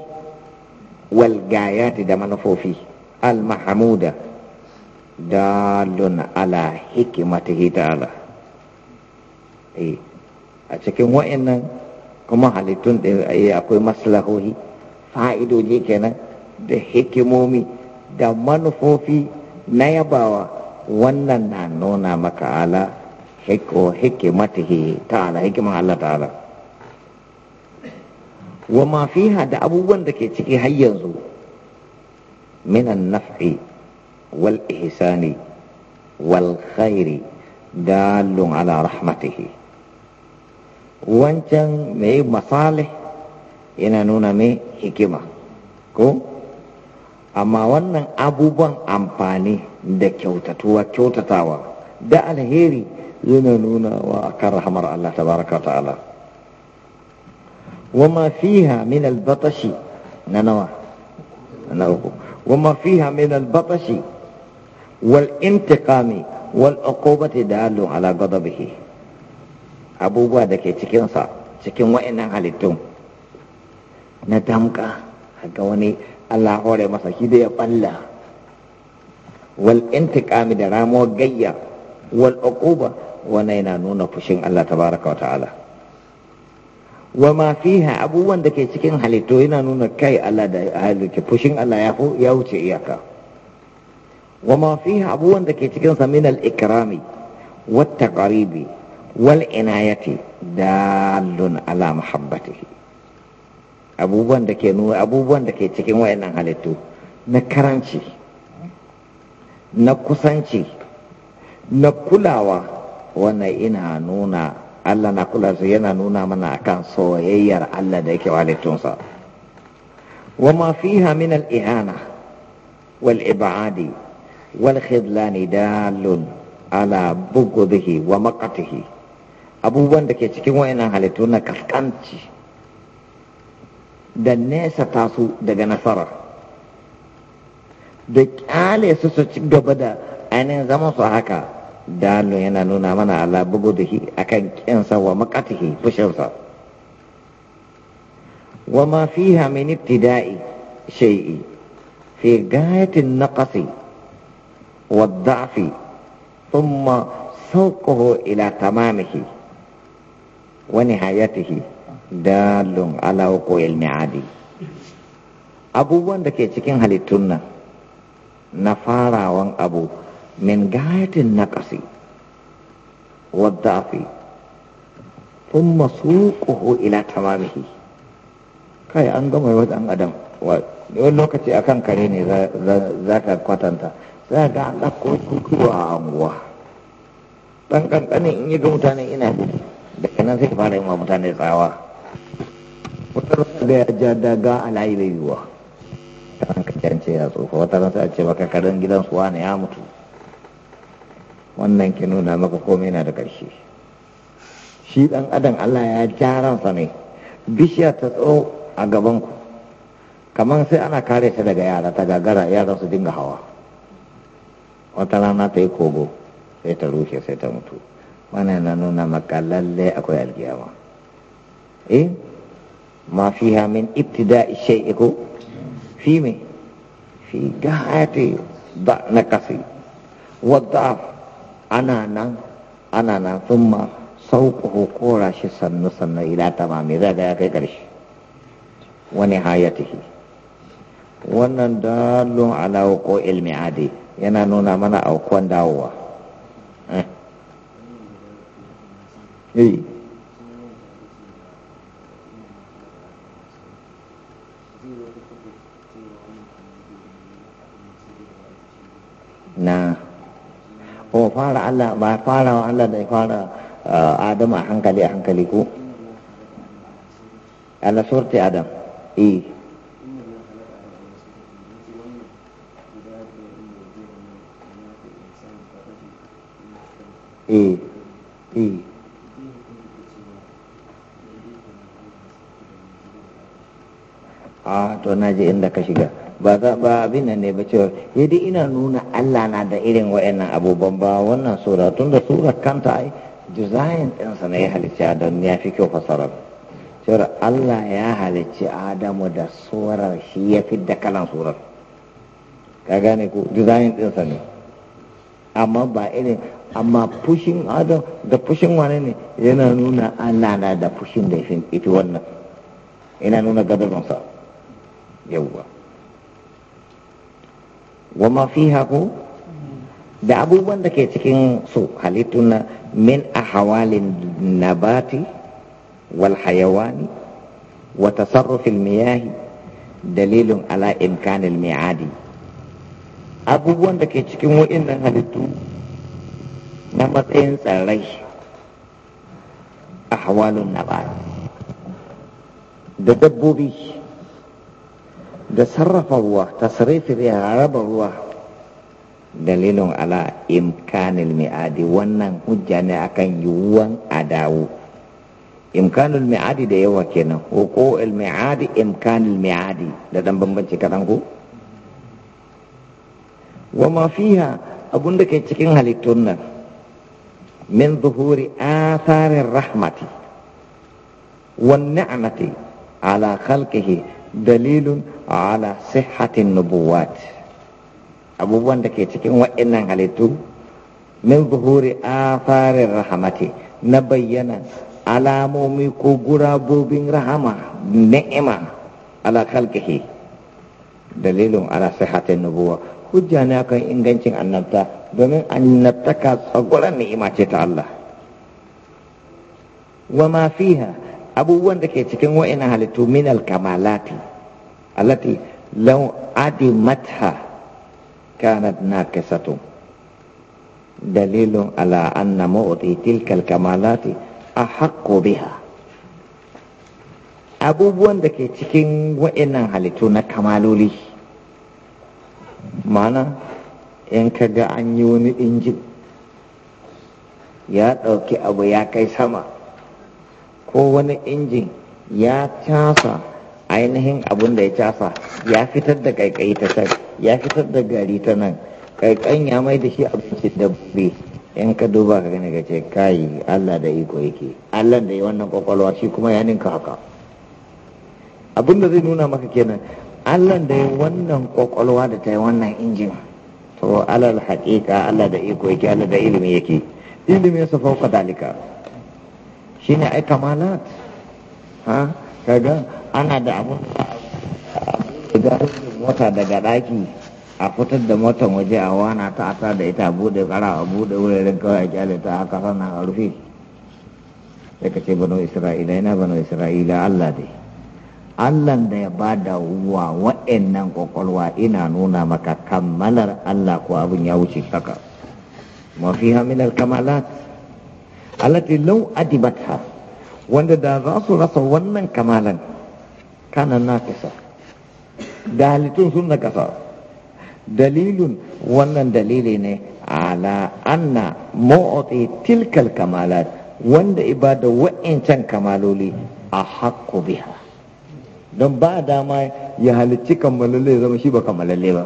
wal gayati da manufofi al mahamuda dalun ala hikimatihi ta'ala eh a cikin wa'annan kuma halittun da e, akwai maslahohi fa'idoji kenan da hikimomi da manufofi na yabawa wannan na nuna maka ala hikimatihi ala hikiman Allah ta'ala wa mafiha fiha da abubuwan da ke ciki har yanzu minan naf'i wal ihsani wal khairi dalun ala rahmatihi wancan mai Masale yana nuna mai hikima ko amma wannan abubuwan amfani da kyautatuwa kyautatawa da alheri yana nuna wa kan rahamar Allah tabaraka ta'ala وما فيها من البطش ننوى وما فيها من البطش والانتقام والعقوبة دال على غضبه أبو بادك تكين صار تكين وإن عليتم ندمك هكوني الله أولي أوري مساكيد يبالله والانتقام درام وقيا والعقوبة ونينا نون فشين الله تبارك وتعالى wa ma fiha abubuwan da ke cikin halittu yana nuna kai Allah da halittu fushin Allah ya wuce iyaka wa ma fiha abubuwan da ke cikin sa min al-ikrami wa taqribi wal inayati dalun ala mahabbatihi abubuwan da ke nuna abubuwan da ke cikin wayannan halittu na karanci na kusanci na kulawa wannan ina nuna Allah na kula su yana nuna mana akan soyayyar Allah da yake walittunsa wa ma fiha min al-ihana wal ibadi wal khidlan dalun ala bughdhihi wa maqatihi abubuwan da ke cikin wayannan halittu na kaskanci da nesa tasu daga nasara da kyale su su ci gaba da ainihin zaman su haka dalo yana nuna mana ala bugu bugudihi akan kinsa wa makatihi fushinsa wa ma fi min ibtida'i shay'i fi gayatin an wa dafi thumma sawquhu ila tamamihi wa nihayatihi dalun ala uqil mi'adi abubuwan da ke cikin halittun nan na farawan abu من غاية النقص والضعف ثم سوقه إلى تمامه كاي أنقم ويوز أن أدم lokaci a kan kare ne za ka kwatanta za ga an ɗauko kukuwa a anguwa ɗan ƙanƙanin in yi ga mutane ina daga nan sai fara yi wa mutane tsawa wata da ya ja daga a layi bai yiwuwa ta an wata rana sai karen gidan ya mutu wannan ke nuna maka komai na da ƙarshe shi ɗan adam Allah ya jaran ransa ne bishiya ta tso a gabanku kamar sai ana kare ta daga yara ta gagara yara su dinga hawa wata rana ta yi kogo sai ta rushe sai ta mutu wannan yana nuna maka lalle akwai alkiyama eh ma hamin min da ishe ko fi me fi gahati da wa ana nan ana nan sun ma sauƙo kora shi sannu sannu ila tamami zai ga ya kai ƙarshe wani haya ta wannan dalon ala ko ilmi adi yana nuna mana aukuwan dawowa eh. Eh. na ko oh, fara Allah ba fara wa Allah da ya fara eh, Adam a hankali a hankali ko Allah surti Adam e e e a ah, to naje inda ka shiga ba za ba abin nan ne ba cewa ya dai ina nuna Allah na da irin wa'annan abubuwan ba wannan sura tun da sura kanta ai design ɗinsa na ya halicci adam ya fi kyau fasara cewa Allah ya halicci Adamu da surar shi ya fi da kalan surar ka gane ko design ɗinsa ne amma ba irin amma pushing Adam da fushin wane ne yana nuna Allah na da pushing da ya ita wannan ina nuna gadabansa yauwa wama fiha ko da abubuwan da ke cikin su halittu na min a hawalin nabati wal hayawani wa tasarrufil miyahi dalilin ala mai mi'adi abubuwan da ke cikin wa'innan halittu na matsayin tsirrai a hawalin nabat da dabbobi da sarrafa ruwa tasrifi biya raba ruwa Dalilun ala imkanil mi'adi wannan hujja ne akan yiwuwan a dawo imkanul mi'adi da yawa kenan huko il mi'adi imkanul mi'adi da dan bambanci kadan ko wa ma fiha abun da ke cikin halittun nan min zuhuri atharir rahmati wa ni'mati ala khalqihi dalilun ala sihhatin nubuwat abubuwan da ke cikin waɗannan halittu min zuhuri afarin rahamati na bayyana alamomi ko gurabobin rahama ni'ima ala khalqihi dalilun ala sihhatin nubuwa hujja ne akan ingancin annabta domin annabtaka tsagoran ni'ima ce ta Allah wa ma fiha abubuwan da ke cikin wa'ina halittu min alkamalati allati law adimatha kanat nakasatun dalilun ala anna mu'ti tilka a ahaqqu biha abubuwan da ke cikin wa'innan halittu na kamaloli mana in ga an yi wani injin ya ɗauki abu ya kai sama ko wani injin ya casa ainihin abin da ya casa ya fitar da kaikai ta can ya fitar da gari ta nan kaikan ya mai da shi abinci dabbe in ka duba ka gani ka ce kai Allah da iko yake Allah da yi wannan kwakwalwa shi kuma ya ninka haka abin da zai nuna maka kenan Allah da yi wannan kwakwalwa da ta yi wannan injin to alal haƙiƙa Allah da iko yake Allah da ilimi yake ilimin sa fauka dalika sina a ai kamalat ha kaga ana da abun da mota daga daki a fitar da motan waje a wana ta ata da ita a bude kara a bude wuraren kawai a kyale ta haka sannan a rufe sai ka ce bano isra'ila yana bano isra'ila allah dai allah da ya ba da wa wa'annan kwakwalwa ina nuna maka kammalar allah ko abin ya wuce kaka. mafi hamilar kamalat allati law adibatha wanda da za su rasa wannan kamalan kana naqisa da halittun sun kasa dalilun wannan dalili ne ala anna mu'ti tilkal kamalat wanda ibada wa'incan kamaloli a haƙƙo biya don ba dama ya halicci kammalalle zama shi ba kammalalle ba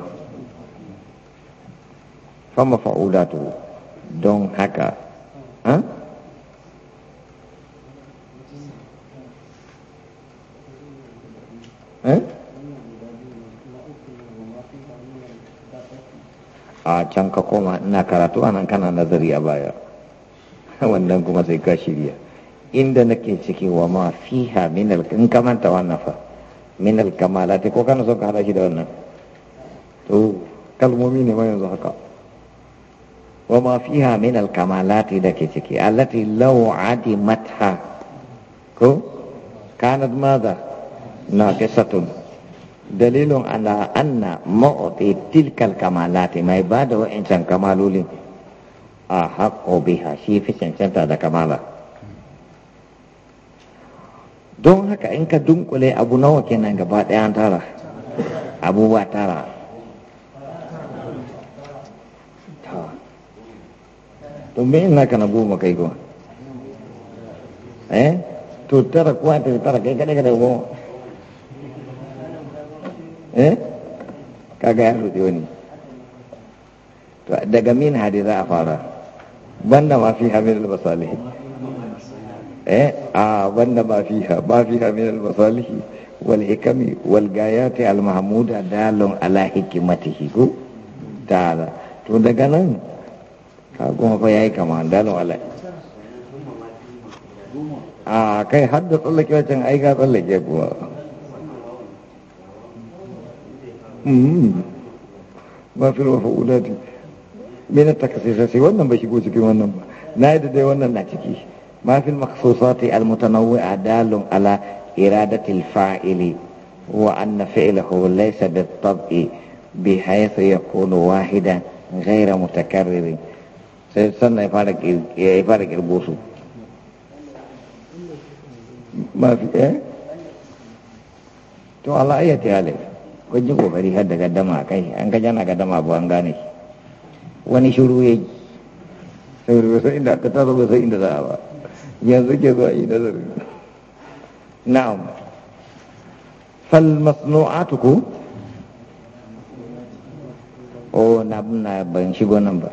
fama fa'ulatu don haka Eh? a can ka koma ina karatu a nan kana nazari a baya [laughs] wannan kuma sai ka shirya inda nake ciki wa ma fiha minal in ka manta wannan fa minal kamala ko kana son ka hada shi da wannan to kalmomi ne ma yanzu haka wa ma minal kamala ta da ke ciki allati law matha ko kanat madha ناقصة دليل على أن معطي تلك الكمالات ما يبعد وإنسان كمالول أحق بها شيء في سنسان da kamala don haka in ka dunkule abu nawa kenan gaba da tara abubuwa tara to me ina kana goma kai kuma eh to tara kuwa tara kai kada kada goma eh kaga ya rude wani to daga min hadi za a fara banda ma fi hamil basalih eh ah banda ma fi ha ba fi hamil masalih wal hikami wal gayati al mahmuda dalun ala hikmatihi ko dala, to daga nan ka goma fa yayi kama dalon ala a kai hadda tsallake wancan ai ga tsallake kuma ما في الوفاولاتي من التكسيرات وانما بشيكوزي كي وانما نايد دي وانما نعتكي ما في المخصوصات المتنوعة دال على إرادة الفاعل وأن فعله ليس بالطبع بحيث يكون واحدا غير متكرر سيستنى يفارق يفارق البوسو ما في ايه تو على اية عليه kun ji kokari har da gaddama kai an ga jana gaddama abu an gane shi wani shuru ya yi sai rusa inda ta taso sai inda za a ba yanzu ke zuwa yi nazari na'am fal masnu'atu ku o na na ban shigo nan ba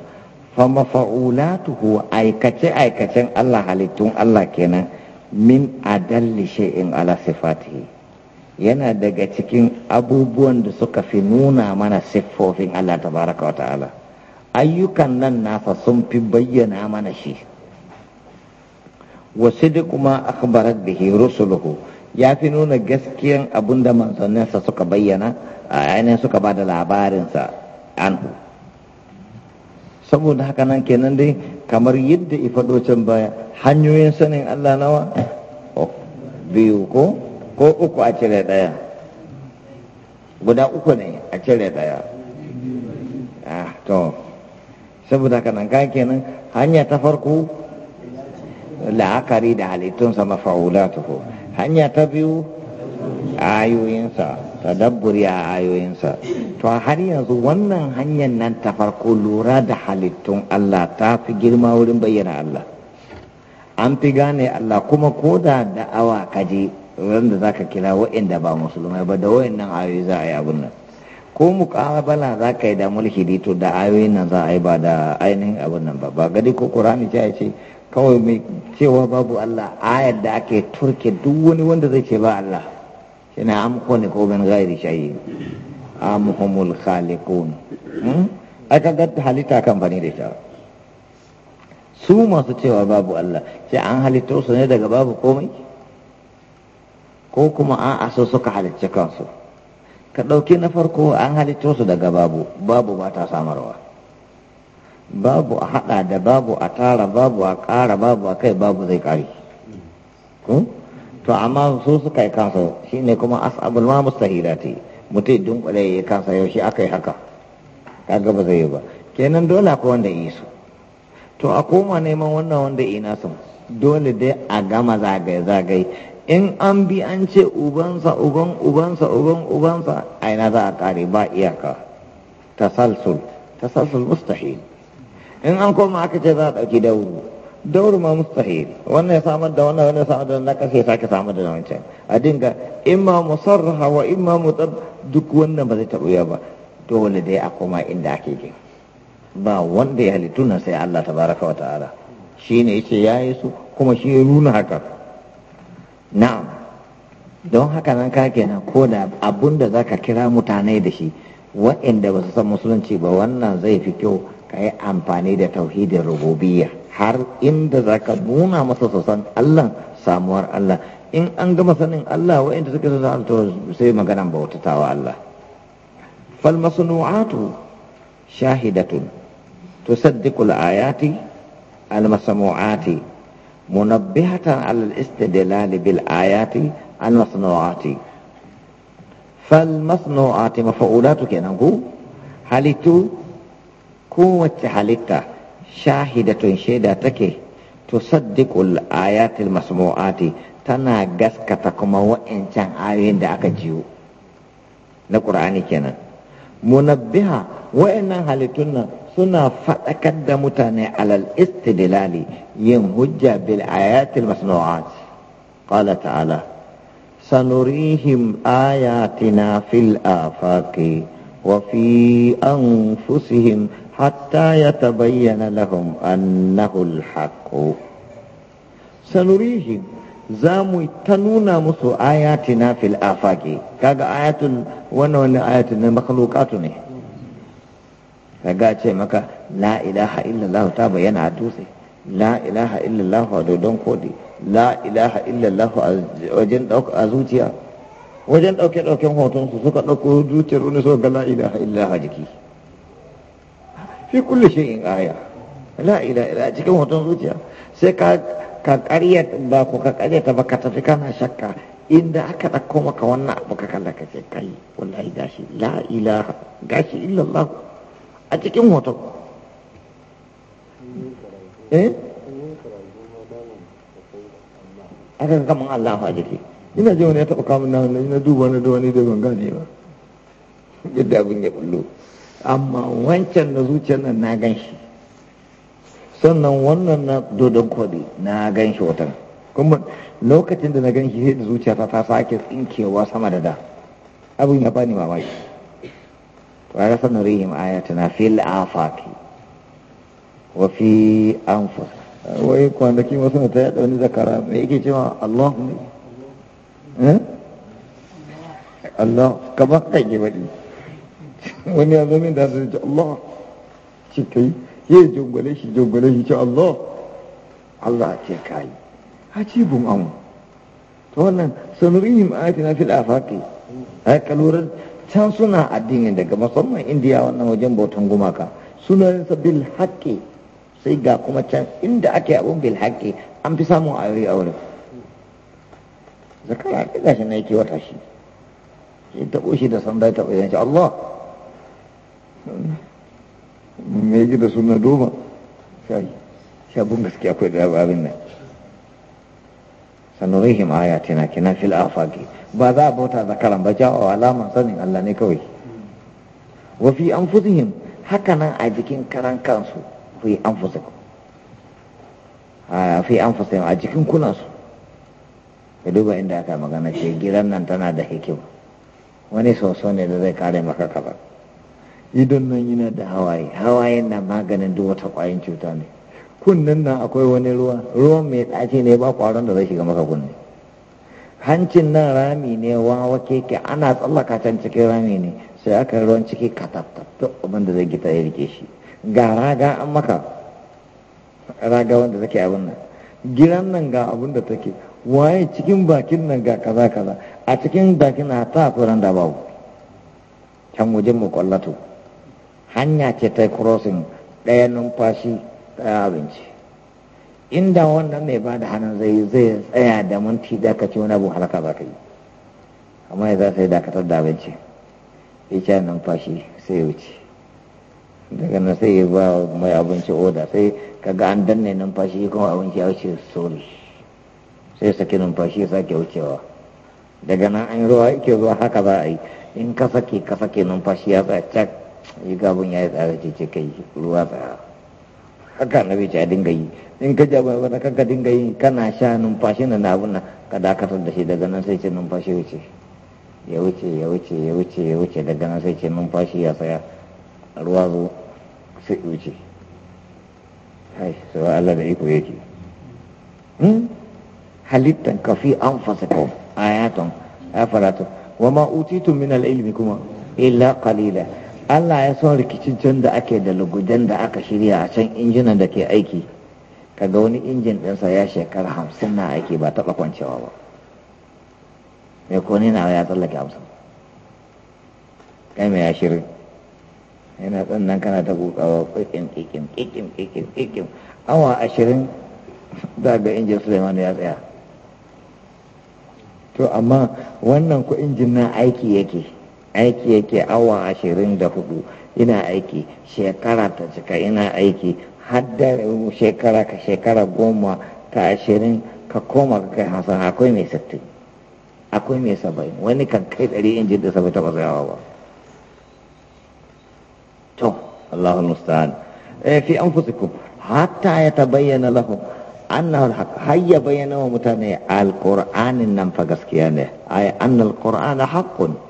fa mafa'ulatu mafa'ulatuhu aikace aikacen Allah halittun Allah kenan min adalli shay'in ala sifatihi yana daga cikin abubuwan da suka fi nuna mana siffofin Allah tabaraka wa ta'ala ayyukan nan nasa sun fi bayyana mana shi wasu da kuma da bihi rusuluhu ya fi nuna gaskiyan abin da manzanninsa suka bayyana a yanayin suka ba da labarinsa an saboda haka nan kenan dai kamar yadda ifadocin baya hanyoyin sanin Allah nawa oh, biyu ko ko uku a cire ɗaya guda uku ne a cire ɗaya ah to saboda kanan ka kenan hanya ta farko la'akari da halittunsa mafa'ulatuhu hanya ta biyu ayoyinsa dabburi a ayoyinsa to har yanzu wannan hanyar nan ta farko lura da halittun Allah ta fi girma wurin bayyana Allah an fi gane Allah kuma ko da da'awa kaje wanda za ka kira wa'inda ba musulmai ba da wa'innan ayoyi za a yi abin nan ko mu ƙarabala za ka yi da mulki to da ayoyi nan za a yi ba da ainihin abin nan ba ba gadi ko ƙurani ce ce kawai mai cewa babu Allah ayar da ake turke duk wani wanda zai ce ba Allah shi ne amko ne ko bin gairi shayi amhumul khaliqun hmm? aka ga halitta kamfani da ita su masu cewa babu Allah sai an halitta su ne daga babu komai ko kuma a so suka halicci kansu ka ɗauki na farko an halicce su daga babu babu ba ta samarwa babu a haɗa da babu a tara babu a ƙara babu a kai babu zai ƙari to amma su suka yi kansa shine kuma as'abul ma mustahilati mutum dunkule ya kansa yaushe aka yi haka ka ba zai yi ba kenan dole ko wanda yi su to a koma neman wannan wanda ina sun dole dai a gama zagaye zagaye in an bi an ce ubansa uban ubansa uban ubansa aina za a kare ba iyaka tasalsul tasalsul mustahil in an koma aka ce za a ɗauki dauru dauru ma mustahil wannan ya samar da wannan wannan ya samar da na kashe sake samar da wancan a dinga in imma musarraha wa ma mutab duk wannan ba zai taɓa ba dole dai a koma inda ake gina ba wanda ya halittu sai Allah tabaraka wa ta'ala shine yace yayi su kuma shi ya nuna haka na'am don haka nan ka kenan ko da abun da ka kira mutane da shi wa'inda ba su san musulunci ba wannan zai fi kyau ka yi amfani da tauhidin rububiyya har inda za ka nuna masa su san Allah samuwar Allah in an gama sanin Allah wa'inda suka san to sai maganan wa Allah fal masnu'atu shahidatun tusaddiqu al-ayati al-masmu'ati منبهة على الاستدلال بالآيات عن مصنوعات فالمصنوعات مفعولات كنغو حالتو قوة حالتا شاهدة شيدة تكي تصدق الآيات المسموعات تنا غسكة كما وإن كان آيين دا أكجيو na ƙur'ani منبهة وإن wa'annan halittun سنة فتقدم تاني على الاستدلال ينهج بالآيات المصنوعات قال تعالى سنريهم آياتنا في الآفاق وفي أنفسهم حتى يتبين لهم أنه الحق سنريهم زامو تنونا مثل آياتنا في الآفاق كاق آيات ونوان آيات المخلوقات kaga ce maka la ilaha illallah ta bayyana a dutse la ilaha illallah a dodon kodi la ilaha illallah a wajen a zuciya wajen dauke dauken hoton su suka dauko zuciyar wani so ga la ilaha illallah jiki fi shi shay'in aya la ilaha illallah cikin hoton zuciya sai ka ka ƙaryata ba ko ka ta ba ka tafi kana shakka inda aka ɗauko maka wannan abu ka kalla ka ce kai wallahi gashi la ilaha gashi illallah a cikin hoton eh akan kaman Allah a jiki ina ji wani ya taɓa kamun nan na duba na da wani da ban gane ba yadda abin ya bullo amma wancan na zuciyar nan na gan shi sannan wannan na dodon kwadi na gan shi watan kuma lokacin da na gan shi sai da zuciya ta sake tsinkewa sama da da abin ya bani mamaki فسنريهم آياتنا في الآفاق وفي أنفسهم wai kwanaki wasu na ta yada wani zakara mai yake cewa Allah ne Allah kamar kai ke baɗi wani ya zama da zai ce Allah shi kai ya jongole shi jongole shi ce Allah Allah ce kai hajibun to wannan sanurihim ayatina fil afaqi can suna addinin daga musamman indiya wannan wajen bautan gumaka sunan bil haƙƙi sai ga kuma can inda ake abun bil haƙƙi an fi samun aure a wurin zakara ta gashi na yake wata shi sai ta ƙoshi da sanda ta ɓoye shi Allah me ji da suna doma shayi shabun gaskiya akwai da abin nan sanurihim ayatina kina fil afaqi ba za a bauta zakaran ba jawo alaman sanin Allah ne kawai wa fi anfusihim haka nan a jikin karan kansu fi anfusikum fi anfusihim a jikin kunansu ka duba inda aka magana ce gidan nan tana da hikima wani soso ne da zai kare maka kaba idon nan yana da hawaye hawaye na maganin duk wata kwayin cuta ne kunnen nan akwai wani ruwa ruwan mai ɗaci ne ba kwaron da zai shiga maka kunne hancin nan rami ne wawa keke ana tsallaka can cikin rami ne sai aka yi ruwan ciki katattattu abin da zai gita ya rike shi ga raga an maka raga wanda take abin nan giran nan ga abin da take waye cikin bakin nan ga kaza kaza a cikin bakin na ta furan da babu can wajen mu kwallato hanya ce ta crossing ɗaya numfashi tsaya abinci inda wannan mai ba da hannun zai zai tsaya da minti dakaci ka wani abu halaka ba ka yi amma ya za sai dakatar da abinci ya ce numfashi sai wuce daga nan sai ya ba mai abinci oda sai kaga an danne numfashi kuma abinci ya wuce sori sai sake numfashi ya sake wucewa daga nan an ruwa yake zuwa haka za a yi in ka sake ka sake numfashi ya tsaya cak yi gabin ya yi tsare ce kai ruwa tsaya haka na ce a dinga yi in ka jaba wata kanka dinga yi kana sha numfashi na na ka dakatar da shi daga nan sai ce numfashi wuce ya wuce ya wuce ya wuce ya wuce daga nan sai ce numfashi ya tsaya ruwa zo sai wuce hai sai Allah da iko yake hmm? halittan ka fi anfasakum ayatun afaratu wa ma utitu min al-ilmi kuma illa qalila Allah ya son rikicin can da ake da lugudan da aka shirya a can injinan da ke aiki kaga wani injin ɗinsa ya shekara hamsin na aiki ba taɓa kwancewa ba mai kone na ya tsallake hamsin kai ya shirin yana tsannan kana ta kukawa ƙiƙin ƙiƙin ƙiƙin ƙiƙin ƙiƙin awa ashirin za ga injin suleiman ya tsaya to amma wannan ku injin na aiki yake aiki yake awa ashirin da hudu ina aiki shekara ta cika ina aiki hadda shekara ka shekara goma ta ashirin ka koma ka kai hasan akwai mai sittin akwai mai saba'in wani kan kai ɗari in jirgin sabai ta bazawa ba to allahu musta'an eh, fi an anfusikum hatta ya tabayyana lahum annahu alhaq hayya bayyana wa mutane alqur'anin nan fa gaskiya ne ay anna alqur'ana haqqun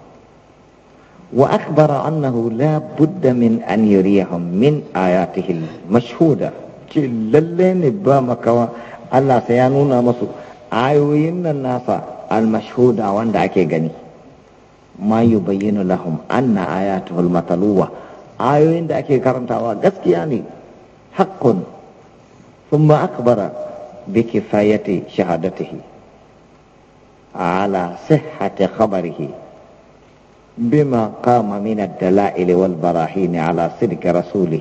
wa akbara annahu la budda min an yuriyahum min ayatihi mashhuda ki lalle ne ba makawa Allah sai ya nuna musu ayoyin nan nasa al mashhuda wanda ake gani ma yubayyinu lahum anna ayatuhul mataluwa ayoyin da ake karantawa gaskiya ne haqqun thumma akbara bi kifayati shahadatihi ala sihhati khabarihi بما قام من الدلائل والبراهين على صدق رسوله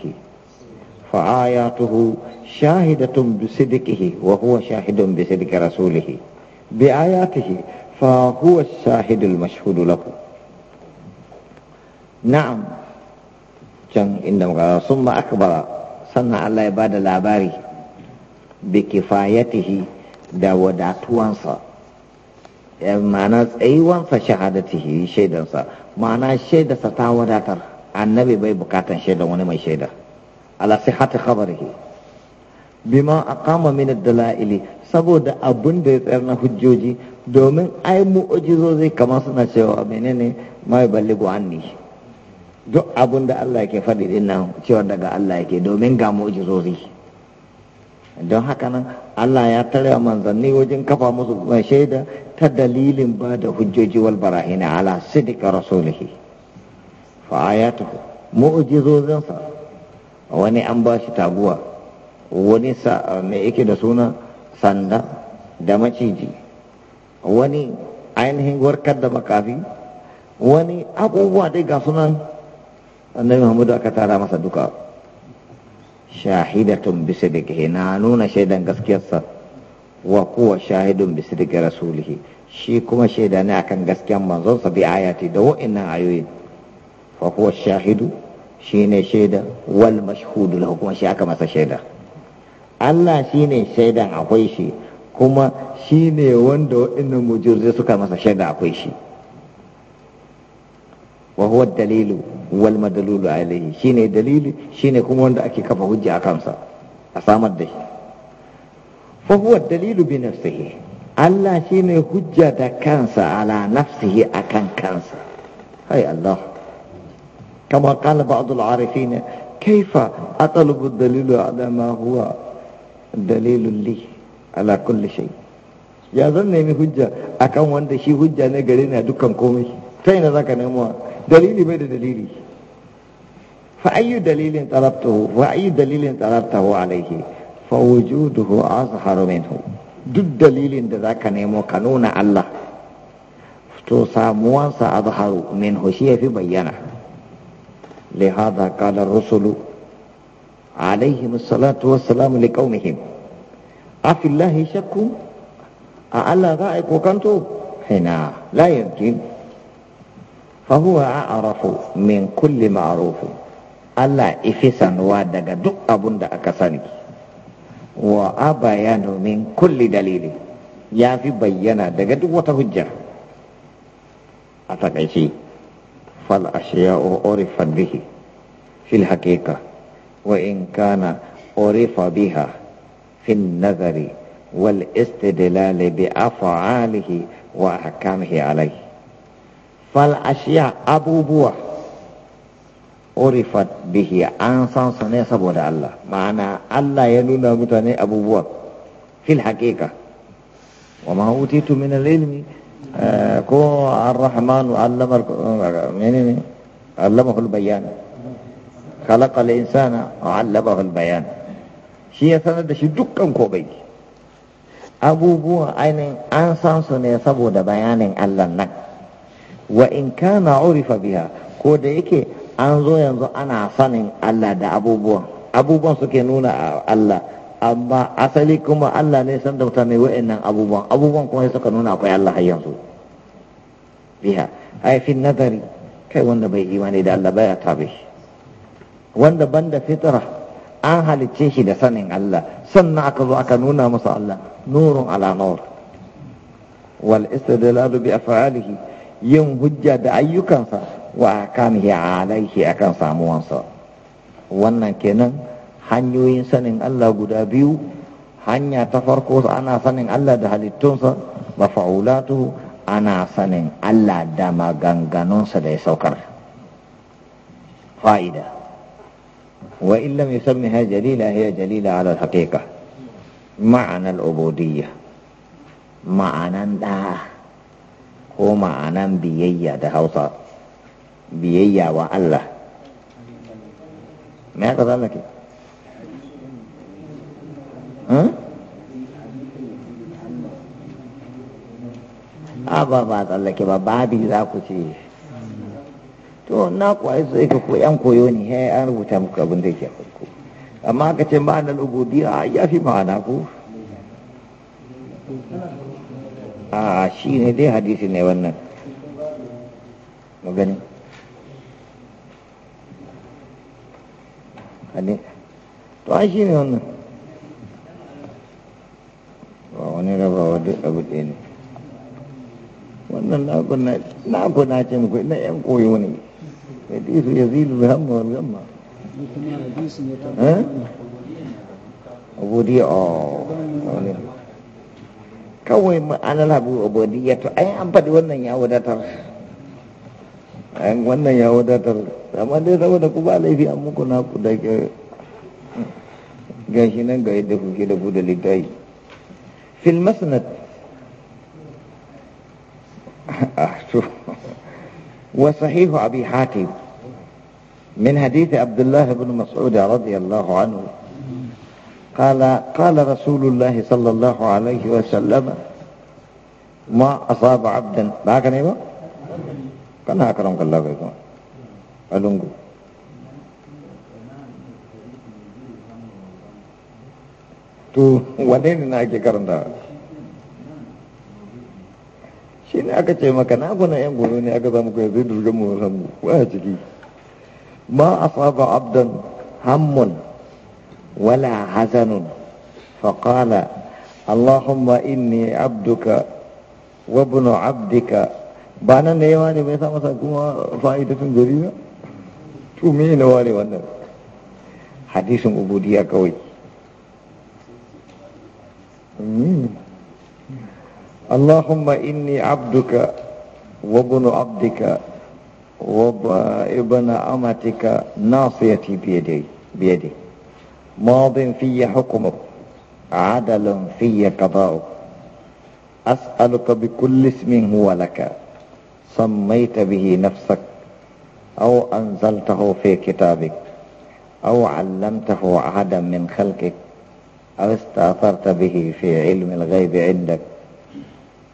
فآياته شاهدة بصدقه وهو شاهد بصدق رسوله بآياته فهو الشاهد المشهود له نعم جن إنما قال ثم أكبر صنع الله Allah العباري بكفايته دا labari Eh, ma'ana tsayuwansa shahadatihi shaidansa ma'ana shaidarsa ta wadatar annabi bai bukatan shaidan wani mai shaida ala sihhati khabarihi bima aqama min ad-dala'ili saboda abun da ya tsayar na hujjoji domin ai mu'ujizozi kamar suna cewa menene mai balligu anni duk abun da Allah yake faɗi din cewa daga Allah yake domin ga mu'ujizozi don haka nan Allah ya tare manzanni wajen kafa musu shaida ta dalilin ba da hujjoji wal bara'ina ala sidika rasulihi fa ayatuhu mu'jizozinsa wani an ba shi taguwa wani sa me yake da suna sanda da maciji wani ainihin warkar da makafi wani abubuwa dai ga sunan annabi Muhammadu aka tara masa duka shahidatun bisa da na nuna shaidan gaskiyarsa wa kuwa shahidun bi sidqi rasulihi shi kuma shaida ne akan gaskiyan manzon sa bi ayati da wa'annan ayoyi fa kuwa shahidu shine shaida wal mashhudu lahu kuma shi aka masa shaida Allah shine shaidan akwai shi kuma shine wanda wa'annan mujirzai suka masa shaida akwai shi wa huwa dalilu wal madlulu alayhi shine dalili shine kuma wanda ake kafa hujja akan sa a samar da shi fa huwa dalilu bi nafsihi Allah shine hujja da kansa ala nafsihi akan kansa hay Allah kama qala ba'd al-arifin kaifa atlubu ad-dalilu ala ma dalilun li ala kulli ya zan nemi hujja akan wanda shi hujja ne gare na dukkan komai sai na zaka nemo dalili bai da dalili dalilin wa dalilin alayhi fa wujuduhu azharu minhu duk dalilin da za ka nemo ka nuna Allah to samuwansa azharu minhu shi ya fi bayyana lihada qala ar-rusulu alaihim salatu wassalamu liqaumihim afi llahi shakku a Allah za a yi kokanto hina la yankin fahuwa a'arafu min kulli ma'ruf Allah ifi sanuwa daga duk abun da aka sani وابيان من كل دليل يا في بينا دغ دو وتا حجه فالاشياء عرف به في الحقيقه وان كان عرف بها في النظر والاستدلال بافعاله واحكامه عليه فالاشياء ابو بوح urifat bihi an san su ne saboda Allah ma'ana Allah ya nuna mutane abubuwa fil haqiqa wa ma utitu min al-ilmi eh, ko ar-rahman allama menene allamahu al-bayan khalaqa al-insana wa 'allamahu al-bayan shi ya sanar da shi dukkan ko kobai abubuwa ainihin an san su ne saboda bayanin Allah nan wa in kana urifa biha ko da yake an zo yanzu ana sanin Allah da abubuwan abubuwan suke nuna a Allah amma asali kuma Allah ne san da mutane wa'annan abubuwan abubuwan kuma suka nuna akwai Allah har yanzu biya ai fi nazari kai wanda bai imani da Allah baya tabe wanda banda fitra an halicce shi da sanin Allah sannan aka zo aka nuna masa Allah nurun ala nur wal istidlalu bi af'alihi yin hujja da ayyukansa wa kan ya alaihi akan samuwansa wannan kenan hanyoyin sanin Allah guda biyu hanya ta farko ana sanin Allah da halittunsa mafa'ulatu ana sanin Allah da maganganunsa da ya saukar fa'ida wa illa mai jalila ya jalila ala haƙiƙa ma'anar ubudiyya ma'anan ɗa ko ma'anan biyayya da hausa biyayya wa Allah me haka za ke hmm? a ba ba tsallake ba babi za ku ce to na kwaye sai ka ko yan koyo ne ya an rubuta muku abin da ke farko amma ka ce ma'anar ubudiyya ya fi ma'ana ku a shi ne dai hadisi ne wannan magani hadis to ai wani rabawa duk abu ne wannan na kuna ce muku na yan koyo ne hadisu ya zilu da hamma wal gamma abudi kawai ma'anar abu to ai an faɗi wannan ya wadatar an wannan ya wadatar amma dai saboda ku ba laifi an muku na ku da ke gashi nan ga yadda kuke da ku da littafi fil masnad wa sahihu abi hatim من حديث عبد الله بن مسعود رضي الله عنه قال قال رسول الله صلى الله عليه وسلم ما أصاب عبدا ما كان يبقى kana karon kalla bai kuma a lungu to wane ne na ake karanta shi ne aka ce maka na guna yan gobe ne aka zama kai zai durga mu samu waya ciki ma saba abdan hammun wala hazanun faqala allahumma inni abduka wa ibnu abdika ba nan da yawa ne bai sa masa kuma fa'idatun jarida to me na ware wannan hadisin ubudiya kawai اللهم إني عبدك وابن عبدك وابن أمتك ناصيتي بيدي بيدي ماض في حكمك عدل في قضاءك أسألك بكل اسم هو لك سميت به نفسك أو أنزلته في كتابك أو علمته أحدا من خلقك أو استأثرت به في علم الغيب عندك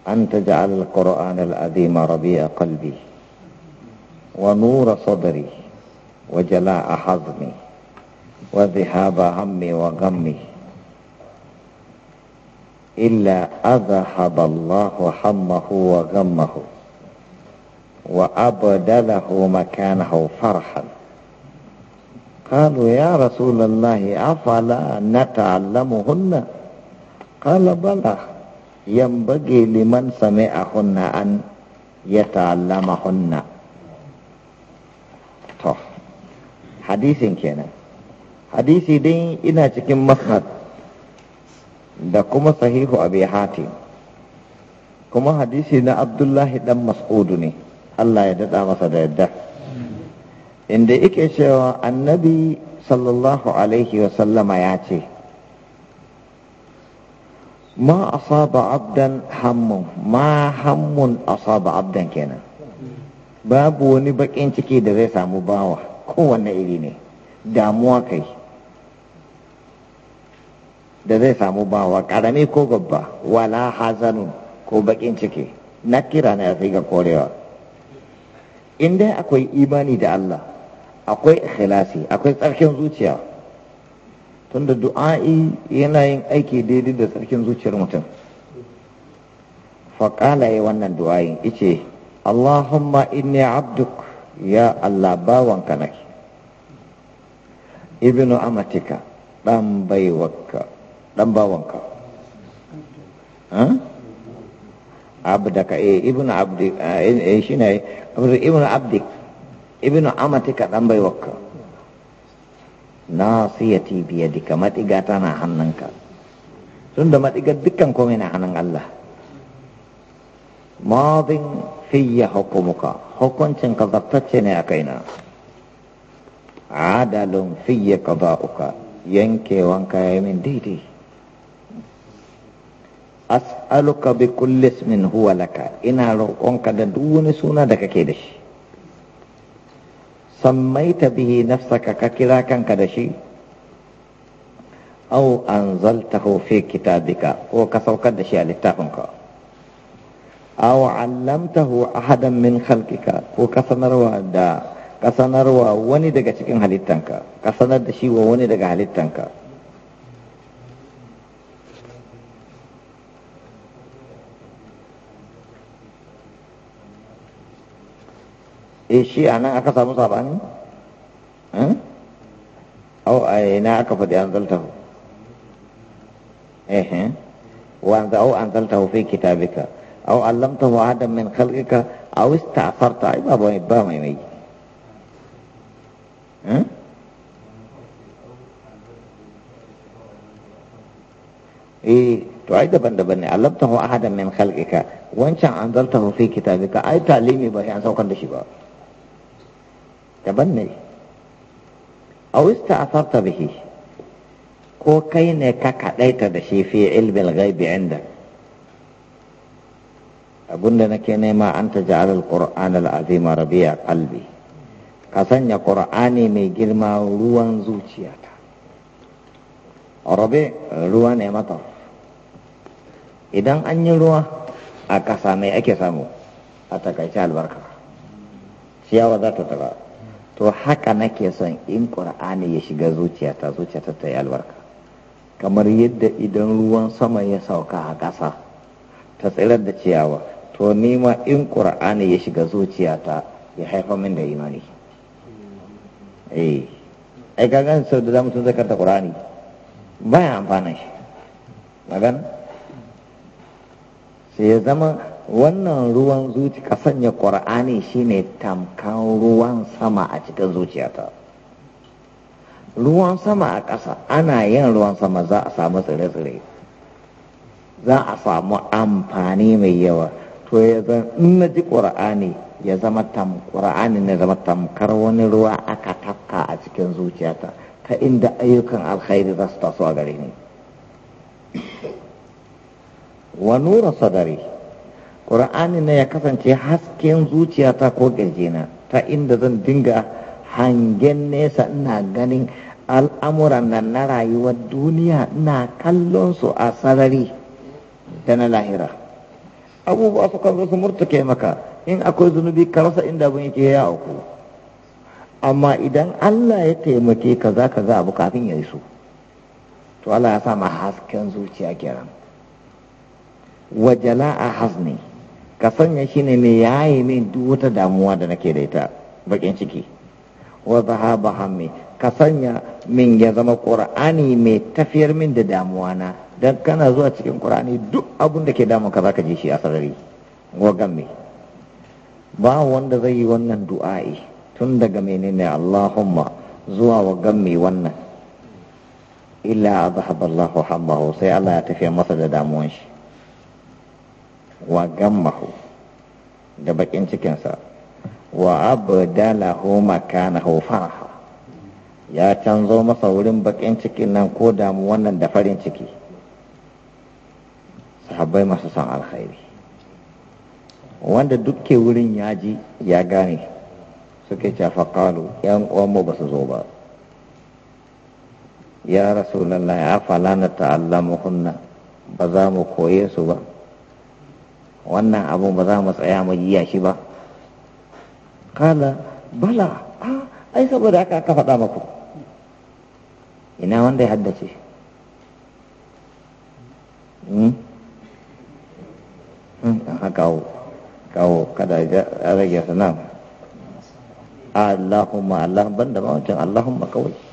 أن تجعل القرآن العظيم ربيع قلبي ونور صدري وجلاء حظمي وذهاب همي وغمي إلا أذهب الله همه وغمه وأبدله مكانه فرحا قالوا يا رسول الله أفلا نتعلمهن قال بلى ينبغي لمن سمعهن أن يتعلمهن طه حديث كان حديث دين إنا تكن مسند دكما صحيح أبي حاتم كما حديثنا عبد الله بن مسعود ne Allah ya daɗa masa da yadda inda ike cewa annabi sallallahu alaihi wasallama ya ce ma asaba abdan hammun ma hammun asaba abdan kenan babu wani baƙin ciki da zai samu bawa kowanne iri ne damuwa kai da zai samu bawa ƙarami ko babba wala hazanu ko baƙin ciki na kira na ya fi ga korewa in dai akwai imani da Allah akwai ikhlasi akwai tsarkin zuciya tunda du'a'i yana yin aiki daidai da tsarkin zuciyar mutum faƙala ya wannan du'ayin ice Allahumma inni abduk ya Allah ka nake ibnu amatika ɗan baiwarka ɗan bawanka abdaka e eh, ibnu abdi eh, eh, eh shine ibnu abdi ibnu ka dan bai wakka nasiyati biyadika na tana hannunka tunda matiga dukkan komai na hannun Allah madin fiyya hukumuka hukuncin ka zartacce ne a kaina adalun fiyya qada'uka yankewanka yayi min daidai as'aluka bi kulli ismin huwa laka ina roƙonka da duk wani suna da kake da shi sammaita bihi nafsaka ka kira kanka da shi aw anzaltahu fi kitabika ko ka saukar da shi a littafinka aw allamtahu ahadan min khalqika ko ka sanarwa da ka sanarwa wani daga cikin halittanka ka sanar da shi wa wani daga halittanka ishi eh, shi a nan aka samu sabani au eh? oh, a na aka faɗi an zalta hu eh, eh. wanda au oh, an zalta hu fi kitabika au hu adam min khalqika au ista'farta ai ba ba mai mai eh to ai daban-daban ne hu adam min kalgika wancan hu fi kitabika ai talimi ba shi an saukar da shi ba daban ne a wista asarta bihi ko kai ne ka kaɗaita da shi fi ilmin gaibi inda abinda nake nema an ta ja'ar al-qur'an al-azima rabi'a qalbi ka sanya qur'ani mai girma ruwan zuciyata rabi ruwa ne mata idan an yi ruwa a ƙasa mai ake samu a takaice albarka ciyawa za ta tara to haka nake son in ƙur'ani ya shiga zuciyata zuciyata ta yi albarka kamar yadda idan ruwan sama ya sauka a ƙasa ta tsirar da ciyawa to nima in ƙur'ani ya shiga zuciyata ya haifa min da imani eh ai kagan sau da zamu tun zakarta ƙur'ani baya amfanin shi magana sai ya zama wannan ruwan zuci ka sanya ƙur'ani shine tamkan ruwan sama a cikin zuciyata ruwan sama a ƙasa ana yin ruwan sama za a samu tsire-tsire za a samu amfani mai yawa to ya in na ji ƙur'ani ya zama tam ƙur'ani ne zama tamkar wani ruwa aka tafka a cikin zuciyata ta inda ayyukan alkhairi za su taso a gare ni wa nura sadari ƙura'ani na ya kasance hasken zuciyata ko na ta inda zan dinga hangen nesa ina ganin al'amuran nan na rayuwar duniya ina kallon su a sarari da na lahira abubuwa su kan zo su murtuke maka in akwai zunubi karasa rasa inda bin yake ya uku amma idan Allah ya taimake ka za ka za abu kafin ya su, to Allah ya sa ma hasken zuciya kiran wajala a hazni ka sanya shi ne mai yaye min duk wata damuwa da nake da ita bakin ciki wa zahaba hammi ka sanya min ya zama ƙura'ani mai tafiyar min da damuwa na dan kana zuwa cikin ƙura'ani duk abun da ke damun ka zaka ji shi a sarari wa mai ba wanda zai yi wannan du'a'i tun daga menene Allahumma zuwa wa mai wannan illa azhaballahu hamahu sai Allah ya tafiya masa da damuwan shi wa gammahu da bakin cikinsa wa abdalahu makanahu faraha ya canzo masa wurin bakin cikin nan ko damu wannan da farin ciki sahabbai masu son alkhairi wanda dukke wurin ya ji ya gane suke cafa kalu yan uwanmu ba su zo ba ya rasulallah ya fala ta'allamu hunna ba za mu koye su ba wannan abun ba za mu tsaya mu jiya shi ba kala bala a ai saboda haka aka faɗa maku ina wanda ya haddace hmm? Hmm, kawo kawo kada ya rage sanan Allahumma Allah ban da mawancin Allahumma kawai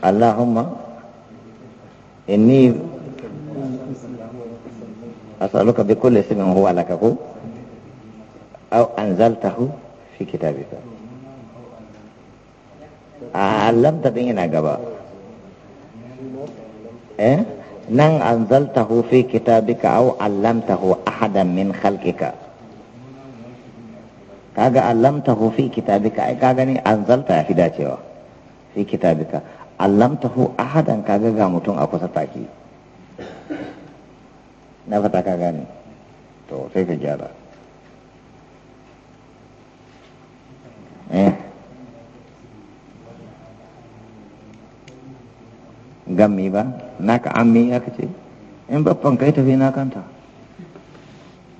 Allahumma inni asaluka bi kulli ismin huwa laka hu aw anzaltahu fi kitabika alam ta dinga gaba eh nan anzaltahu fi kitabika aw allamtahu ahadan min khalqika kaga allamtahu fi kitabika ai kaga ni anzalta fi dacewa fi kitabika allam allamtahu ahadan kaga ga mutum a kusa take na fata ka gane to sai ka gyara eh gammi ba na naka ammi aka ce in babban kai tafi na kanta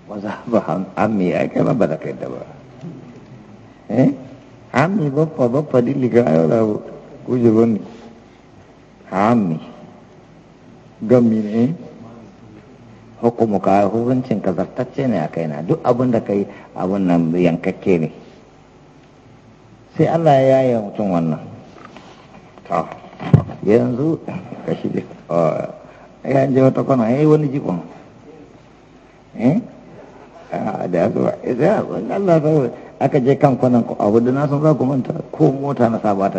ba za ba ammi ya kai ba ba da kai da ba eh ammi babba babba dilli ga ayo da kujerun ne haram gami ne hukumu ka hukuncin ka zartacce ne a kaina duk abin da kai abin nan yankakke ne sai Allah ya yi mutum wannan yanzu ka shige ya je wata kwana ya yi wani jikon eh? da ya zuwa ya Allah aka je kan kwanan abu da na za ku manta ko mota na sa ba ta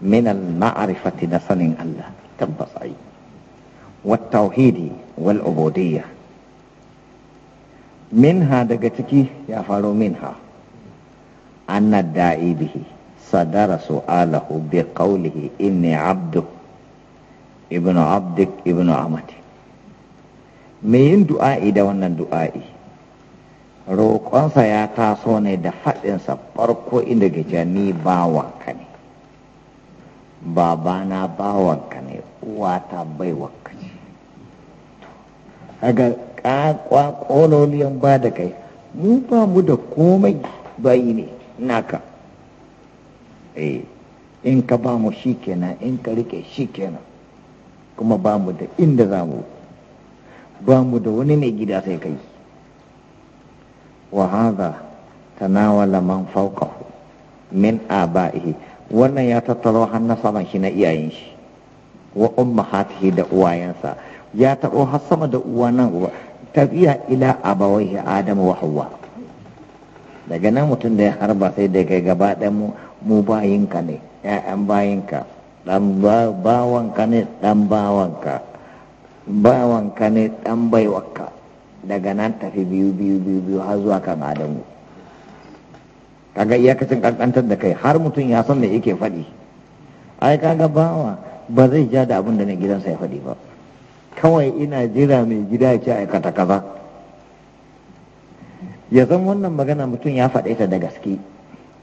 minan ma'arifati na sanin Allah tabbas ai wat tauhidi wal ubudiyya minha daga ciki ya faro minha anna da'i bihi sadara su'alahu bi qawlihi inni abdu ibnu abdik ibnu amati me yin du'a'i da wannan du'a'i roƙonsa ya taso ne da faɗinsa farko inda gajani bawa ka ne Baba babana ka ne uwata baiwanka ne kaga kakwa kololiyan ba da kai mu ba mu da komai bayi ne naka eh in ka ba mu shi kenan in ka rike shi kenan kuma ba mu da inda za mu ba mu da wani mai gida sai kai wa haza tanawala man fawqahu min aba'ihi wannan ya tattaro har na saman shi na iyayen shi wa ummahatihi da uwayensa ya taɓo har sama da uwanan tafiya ila abawaihi adamu wa hawa daga nan mutum da ya harba sai daga gaba ɗaya mu bayinka ne ƴaƴan bayinka ɗan bawanka ne ɗan bawanka bawanka ne ɗan baiwanka daga nan tafi biyu biyu biyu biyu har zuwa kan adamu kaga iyakacin kankantar da kai har mutum ya san me yake faɗi ai kaga bawa ba zai ja da abin da na gidansa ya faɗi ba kawai ina jira mai gida ya ce aikata kaza ya zan wannan magana mutum ya faɗe ta da gaske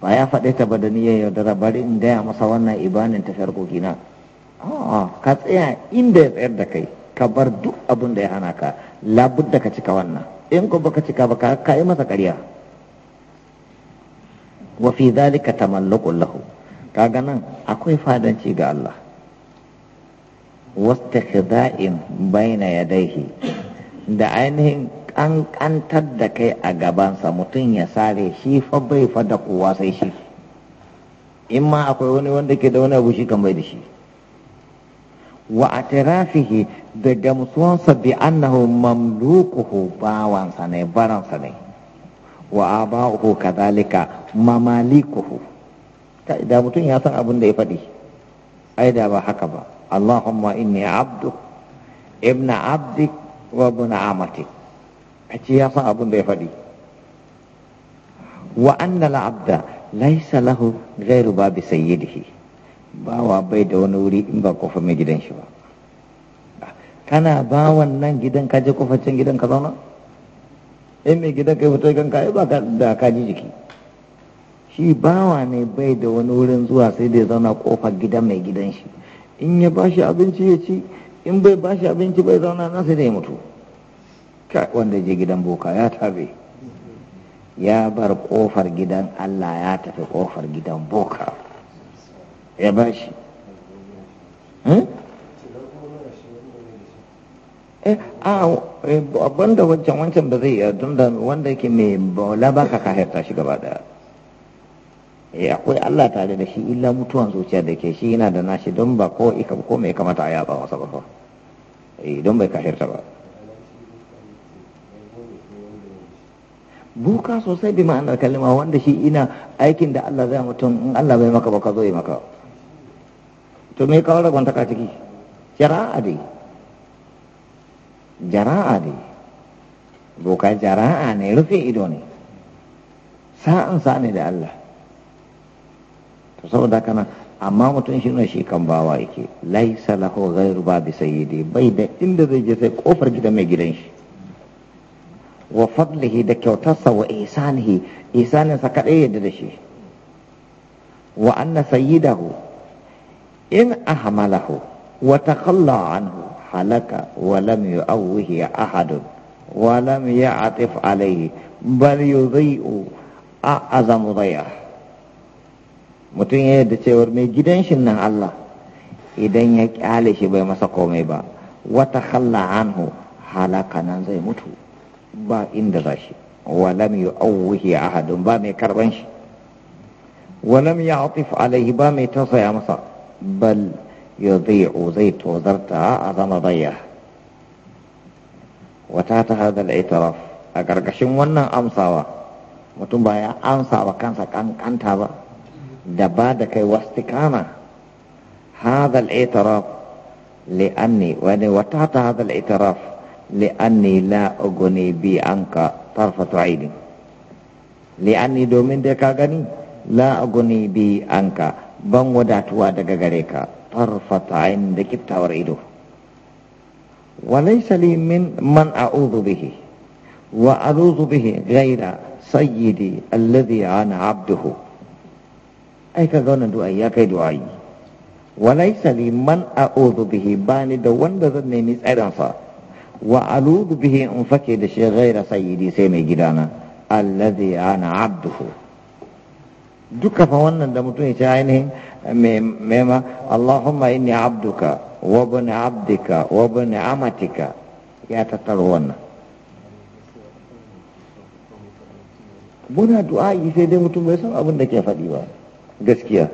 ba ya faɗe ta ba da niyyar yaudara bari in gaya masa wannan ibanin tafiyar kokina a'a ka tsaya inda ya tsayar da kai ka bar duk abin da ya hana ka labudda ka cika wannan in ko baka cika ba ka yi masa ƙarya wa fi dhalika tamallukun lahu kaga nan akwai fadanci ga Allah wastakhda'in baina yadayhi da ainihin ƙanƙantar da kai a gabansa mutum ya sare shi fa bai fa da kowa sai shi in ma akwai wani wanda ke da wani abu shi kan bai da shi wa atirafihi da gamsuwansa bi annahu mamlukuhu bawansa ne baransa ne wa aba'uhu kadhalika mamalikuhu da mutum ya san abin da ya faɗi ai da ba haka ba Allahumma inni abdu ibna abdi wa ibn amati a ce ya san abin da ya faɗi wa anna abda laisa lahu ghairu babi sayyidihi bawa bai da wani wuri in ba kofa mai gidan shi ba kana ba nan gidan kaje kofacin can gidan ka zauna in mai gidan kai fito kan kai ba ka da ka ji jiki shi bawa ne bai da wani wurin zuwa sai da ya zauna kofar gidan mai gidan shi in ya bashi abinci ya ci in bai bashi abinci bai zauna na sai da ya mutu ka wanda je gidan boka ya tabe ya bar kofar gidan Allah ya tafi kofar gidan boka ya bashi hmm? eh a eh, wancan wancan ba zai iya tunda wanda yake mai bola ba ka kahirta shi gaba da ya eh, akwai Allah tare da shi illa mutuwan zuciya da ke shi yana da nashi don ba ko ika ko mai kamata a yaba masa ba eh don bai ta ba buka sosai bi ma'anar kalima wanda shi ina aikin da Allah zai mutum in Allah bai maka ba ka zo yi maka to me kawo rabon ta ka ciki shara'a dai jara'a ne boka jara'a ne rufe ido ne sa'an sa'an ne da Allah to saboda kana amma mutum shi ne shi kan bawa yake laisa lahu ghairu babi sayyidi bai da inda zai je sai kofar gidan mai gidan shi wa fadlihi da kyautarsa wa ihsanihi ihsanin sa kadai yadda da shi wa anna sayyidahu in ahmalahu wa takhalla anhu halaka wa lam yu'awwihi ahadun wa lam ya'tif alayhi bal yudhi'u a'azam mutum ya da cewar mai gidan shi nan Allah idan ya kyale shi bai masa komai ba wata khalla anhu halaka nan zai mutu ba inda za shi wa lam yu'awwihi ahadun ba mai karban shi wa lam ya'tif alayhi ba mai tausaya masa bal يضيع زيت توزرتا أظن ضيع وتات هذا الاعتراف أقرقشن ونن أمساوا متن بايا ya ansa wa kansa kankanta ba da ba هذا الاعتراف لأني واني وتات هذا الاعتراف لأني لا أغني بي أنك طرفة عين لأني دومين ديكا غني لا أغني بي أنك بان wadatuwa daga غريكا طرفة عين da kiftawar وليس لي من من أعوذ به وأعوذ به غير سيدي الذي عن عبده أي كذون دعا يا كي دعائي وليس لي من أعوذ به باني دوان دذني نسعرفا وأعوذ به أنفكي دشي غير سيدي سيمي جدانا الذي عن عبده duka fa wannan da mutum ya ce ainihin ma Allahumma inni abduka wa bani abdika wa bani amatika ya tattaro wannan muna du'a'i sai dai mutum bai san abin da ke faɗi ba gaskiya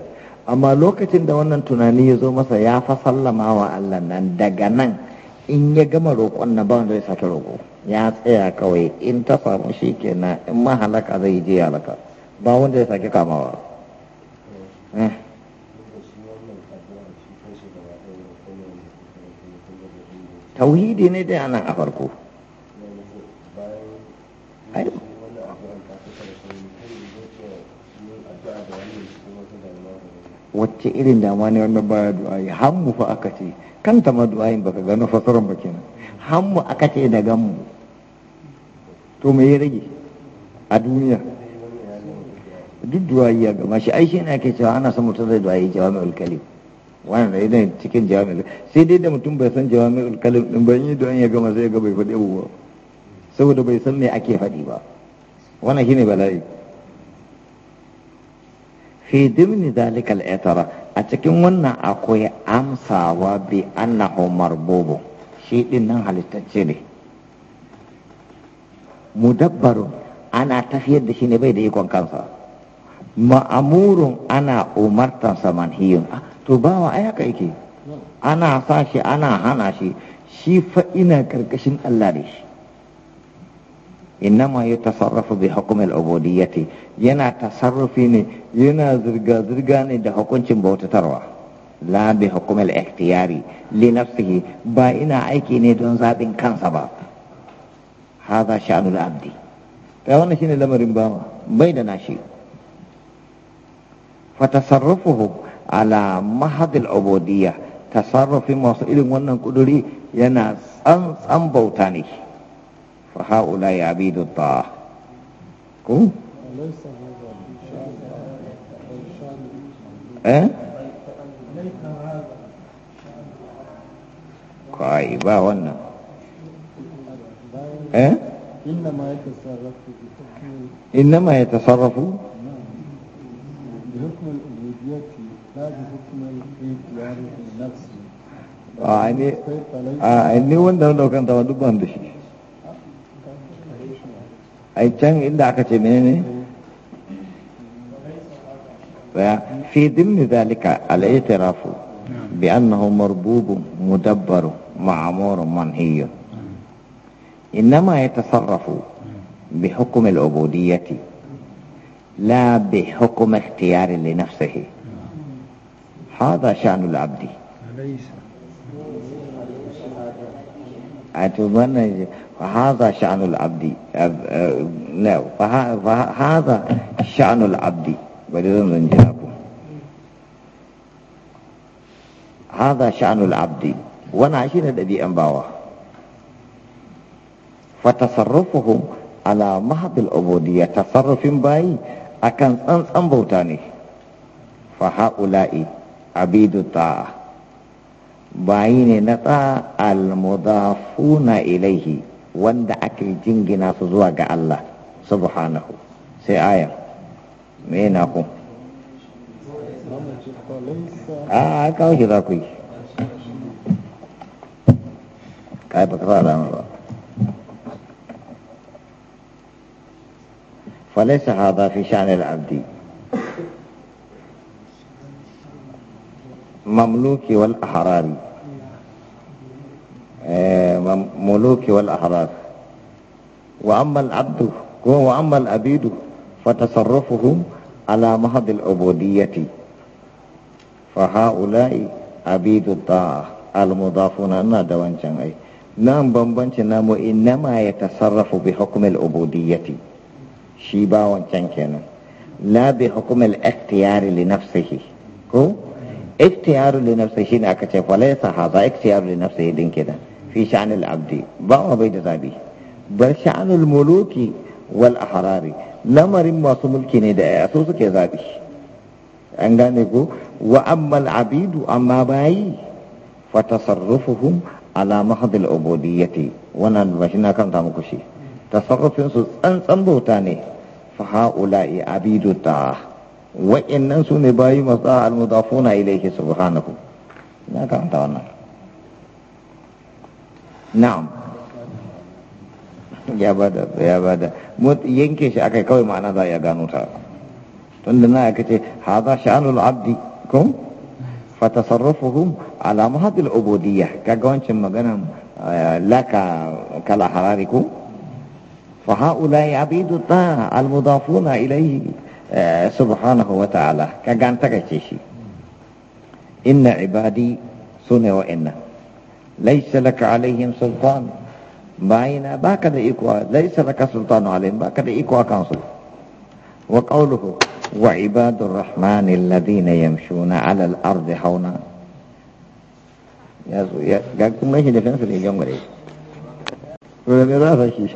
amma lokacin da wannan tunani ya zo masa ya fa sallama wa Allah nan daga nan in ya gama roƙon na ba wanda zai sake roƙo ya tsaya kawai in ta samu shi kenan in mahalaka zai je halaka ba wanda ya sake kamawa eh. tauhidi ne dai anan a farko wacce irin dama ne wannan baya yi hannu fa aka ce kanta ma yin baka gano fasaran ba kenan hannu aka ce da ganmu to me ya rage a duniya duk duwayi a gama shi ai ke cewa ana son mutum zai duwayi jawami'ul wani wannan idan cikin jawami'ul sai dai da mutum bai san jawami kalim din ban yi duwayi ya gama sai ga bai faɗi abubuwa saboda bai san me ake faɗi ba shi ne bala'i fi dimni zalikal etara a cikin wannan akwai amsawa bi annahu marbubu shi din nan halittacce ne dabbaro ana tafiyar da shi ne bai da ikon kansa ma'amurun ana umartan samanhiyun ah, to bawa ai haka yake ana sa shi ana hana shi shi fa ina karkashin Allah da shi innama ya tasarrafu bi hukumil ubudiyyati yana tasarrufi ne yana zirga zirga ne da hukuncin bautatarwa la bi hukumil ikhtiyari li nafsihi ba ina aiki ne don zaɓin kansa ba hadha sha'nul abdi ta wannan shine lamarin bawa bai da nashi fatasarrufuhu ala mahadil ubudiyya tasarrufin masu irin wannan kuduri yana tsantsan bauta ne fa haula ya bi ta kai ba wannan eh yatasarrafu بحكم الألوهية بعد حكم الاختيار النفسي a في ضمن ذلك الاعتراف بأنه مربوب مدبر معمور منهي إنما يتصرف بحكم العبودية لا بحكم اختيار لنفسه هذا شأن العبد أتظن هذا شأن العبد لا فهذا شأن العبد ولذن هذا شأن العبد وانا عشنا الذي أنباوه فتصرفه على محض العبودية تصرف باي akan tsantsan bauta ne fa haula'i abidu ta, bayi ne na ta almudafuna ilaihi wanda ake jingina su zuwa ga Allah subhanahu sai aya me na ku a kawo shi za ku yi kai ba ka sa ba فليس هذا في شأن العبد مملوك والأحرار ملوك والأحرار وأما العبد وأما الأبيد فتصرفه على محض العبودية فهؤلاء عبيد الطاعة المضافون أنا دوان جمعي نعم بمبنش نعم وإنما يتصرف بحكم العبودية shi ba wancan kenan la bi hukumar ikhtiyari li nafsihi ko ikhtiyari li nafsihi ne aka ce fa hadha ikhtiyari li nafsihi din kenan fi sha'anil abdi ba wa bai da zabi bar sha'anul muluki wal ahrari lamarin masu mulki ne da ya so suke zabi an gane ko wa ammal abidu amma bayi fa tasarrufuhum ala mahdil ubudiyyati wannan mashina kan na muku shi tasarrufin su tsantsan bauta ne فهؤلاء su ne وإن masu باي مطاع a subhanahu na لا wannan نعم ya bada ya bada yanke shi aka kawai ma'ana za ya gano ta tunda na aka ce haza sha'anul abdi kum fa tasarrufuhum ala mahadil ubudiyya kaga wancan magana laka kala harari hararikum فهؤلاء عبيد الله المضافون إليه آه، سبحانه وتعالى كان تكتشي إن عبادي سنة وإن ليس لك عليهم سلطان باينا باكد إكوا ليس لك سلطان عليهم باكد إكوا كانسل وقوله وعباد الرحمن الذين يمشون على الأرض حونا يا زوجي قاعد تمشي دفن في اليوم غريب ولا بيرافع شيء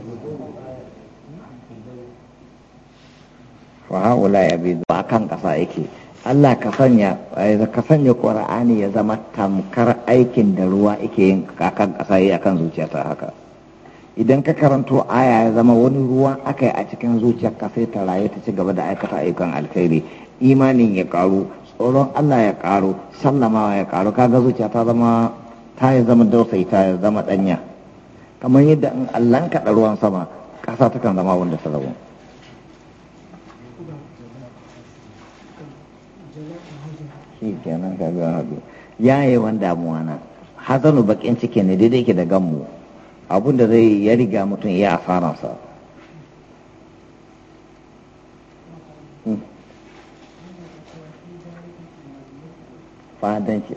fa ya bi a kan ƙasa yake Allah ka sanya eh, ka sanya Qur'ani ya zama tamkar aikin da ruwa yake yin akan ƙasa kan akan ta haka idan ka karanto aya ya zama wani ruwa aka yi a cikin zuciyar ka sai ta rayu ta ci gaba da aikata ayyukan alkhairi imanin ya karu tsoron Allah ya karu sallamawa ya karu kaga zuciya ta zama ta ya zama dausayi ta ya zama danya kamar yadda in Allah ka ruwan sama ƙasa kan zama wanda ta shi kenan ka ya yi wani damuwa na hazanu bakin cikin ne daidai ke da ganmu abun da zai ya riga mutum ya fara sa hmm. fadanci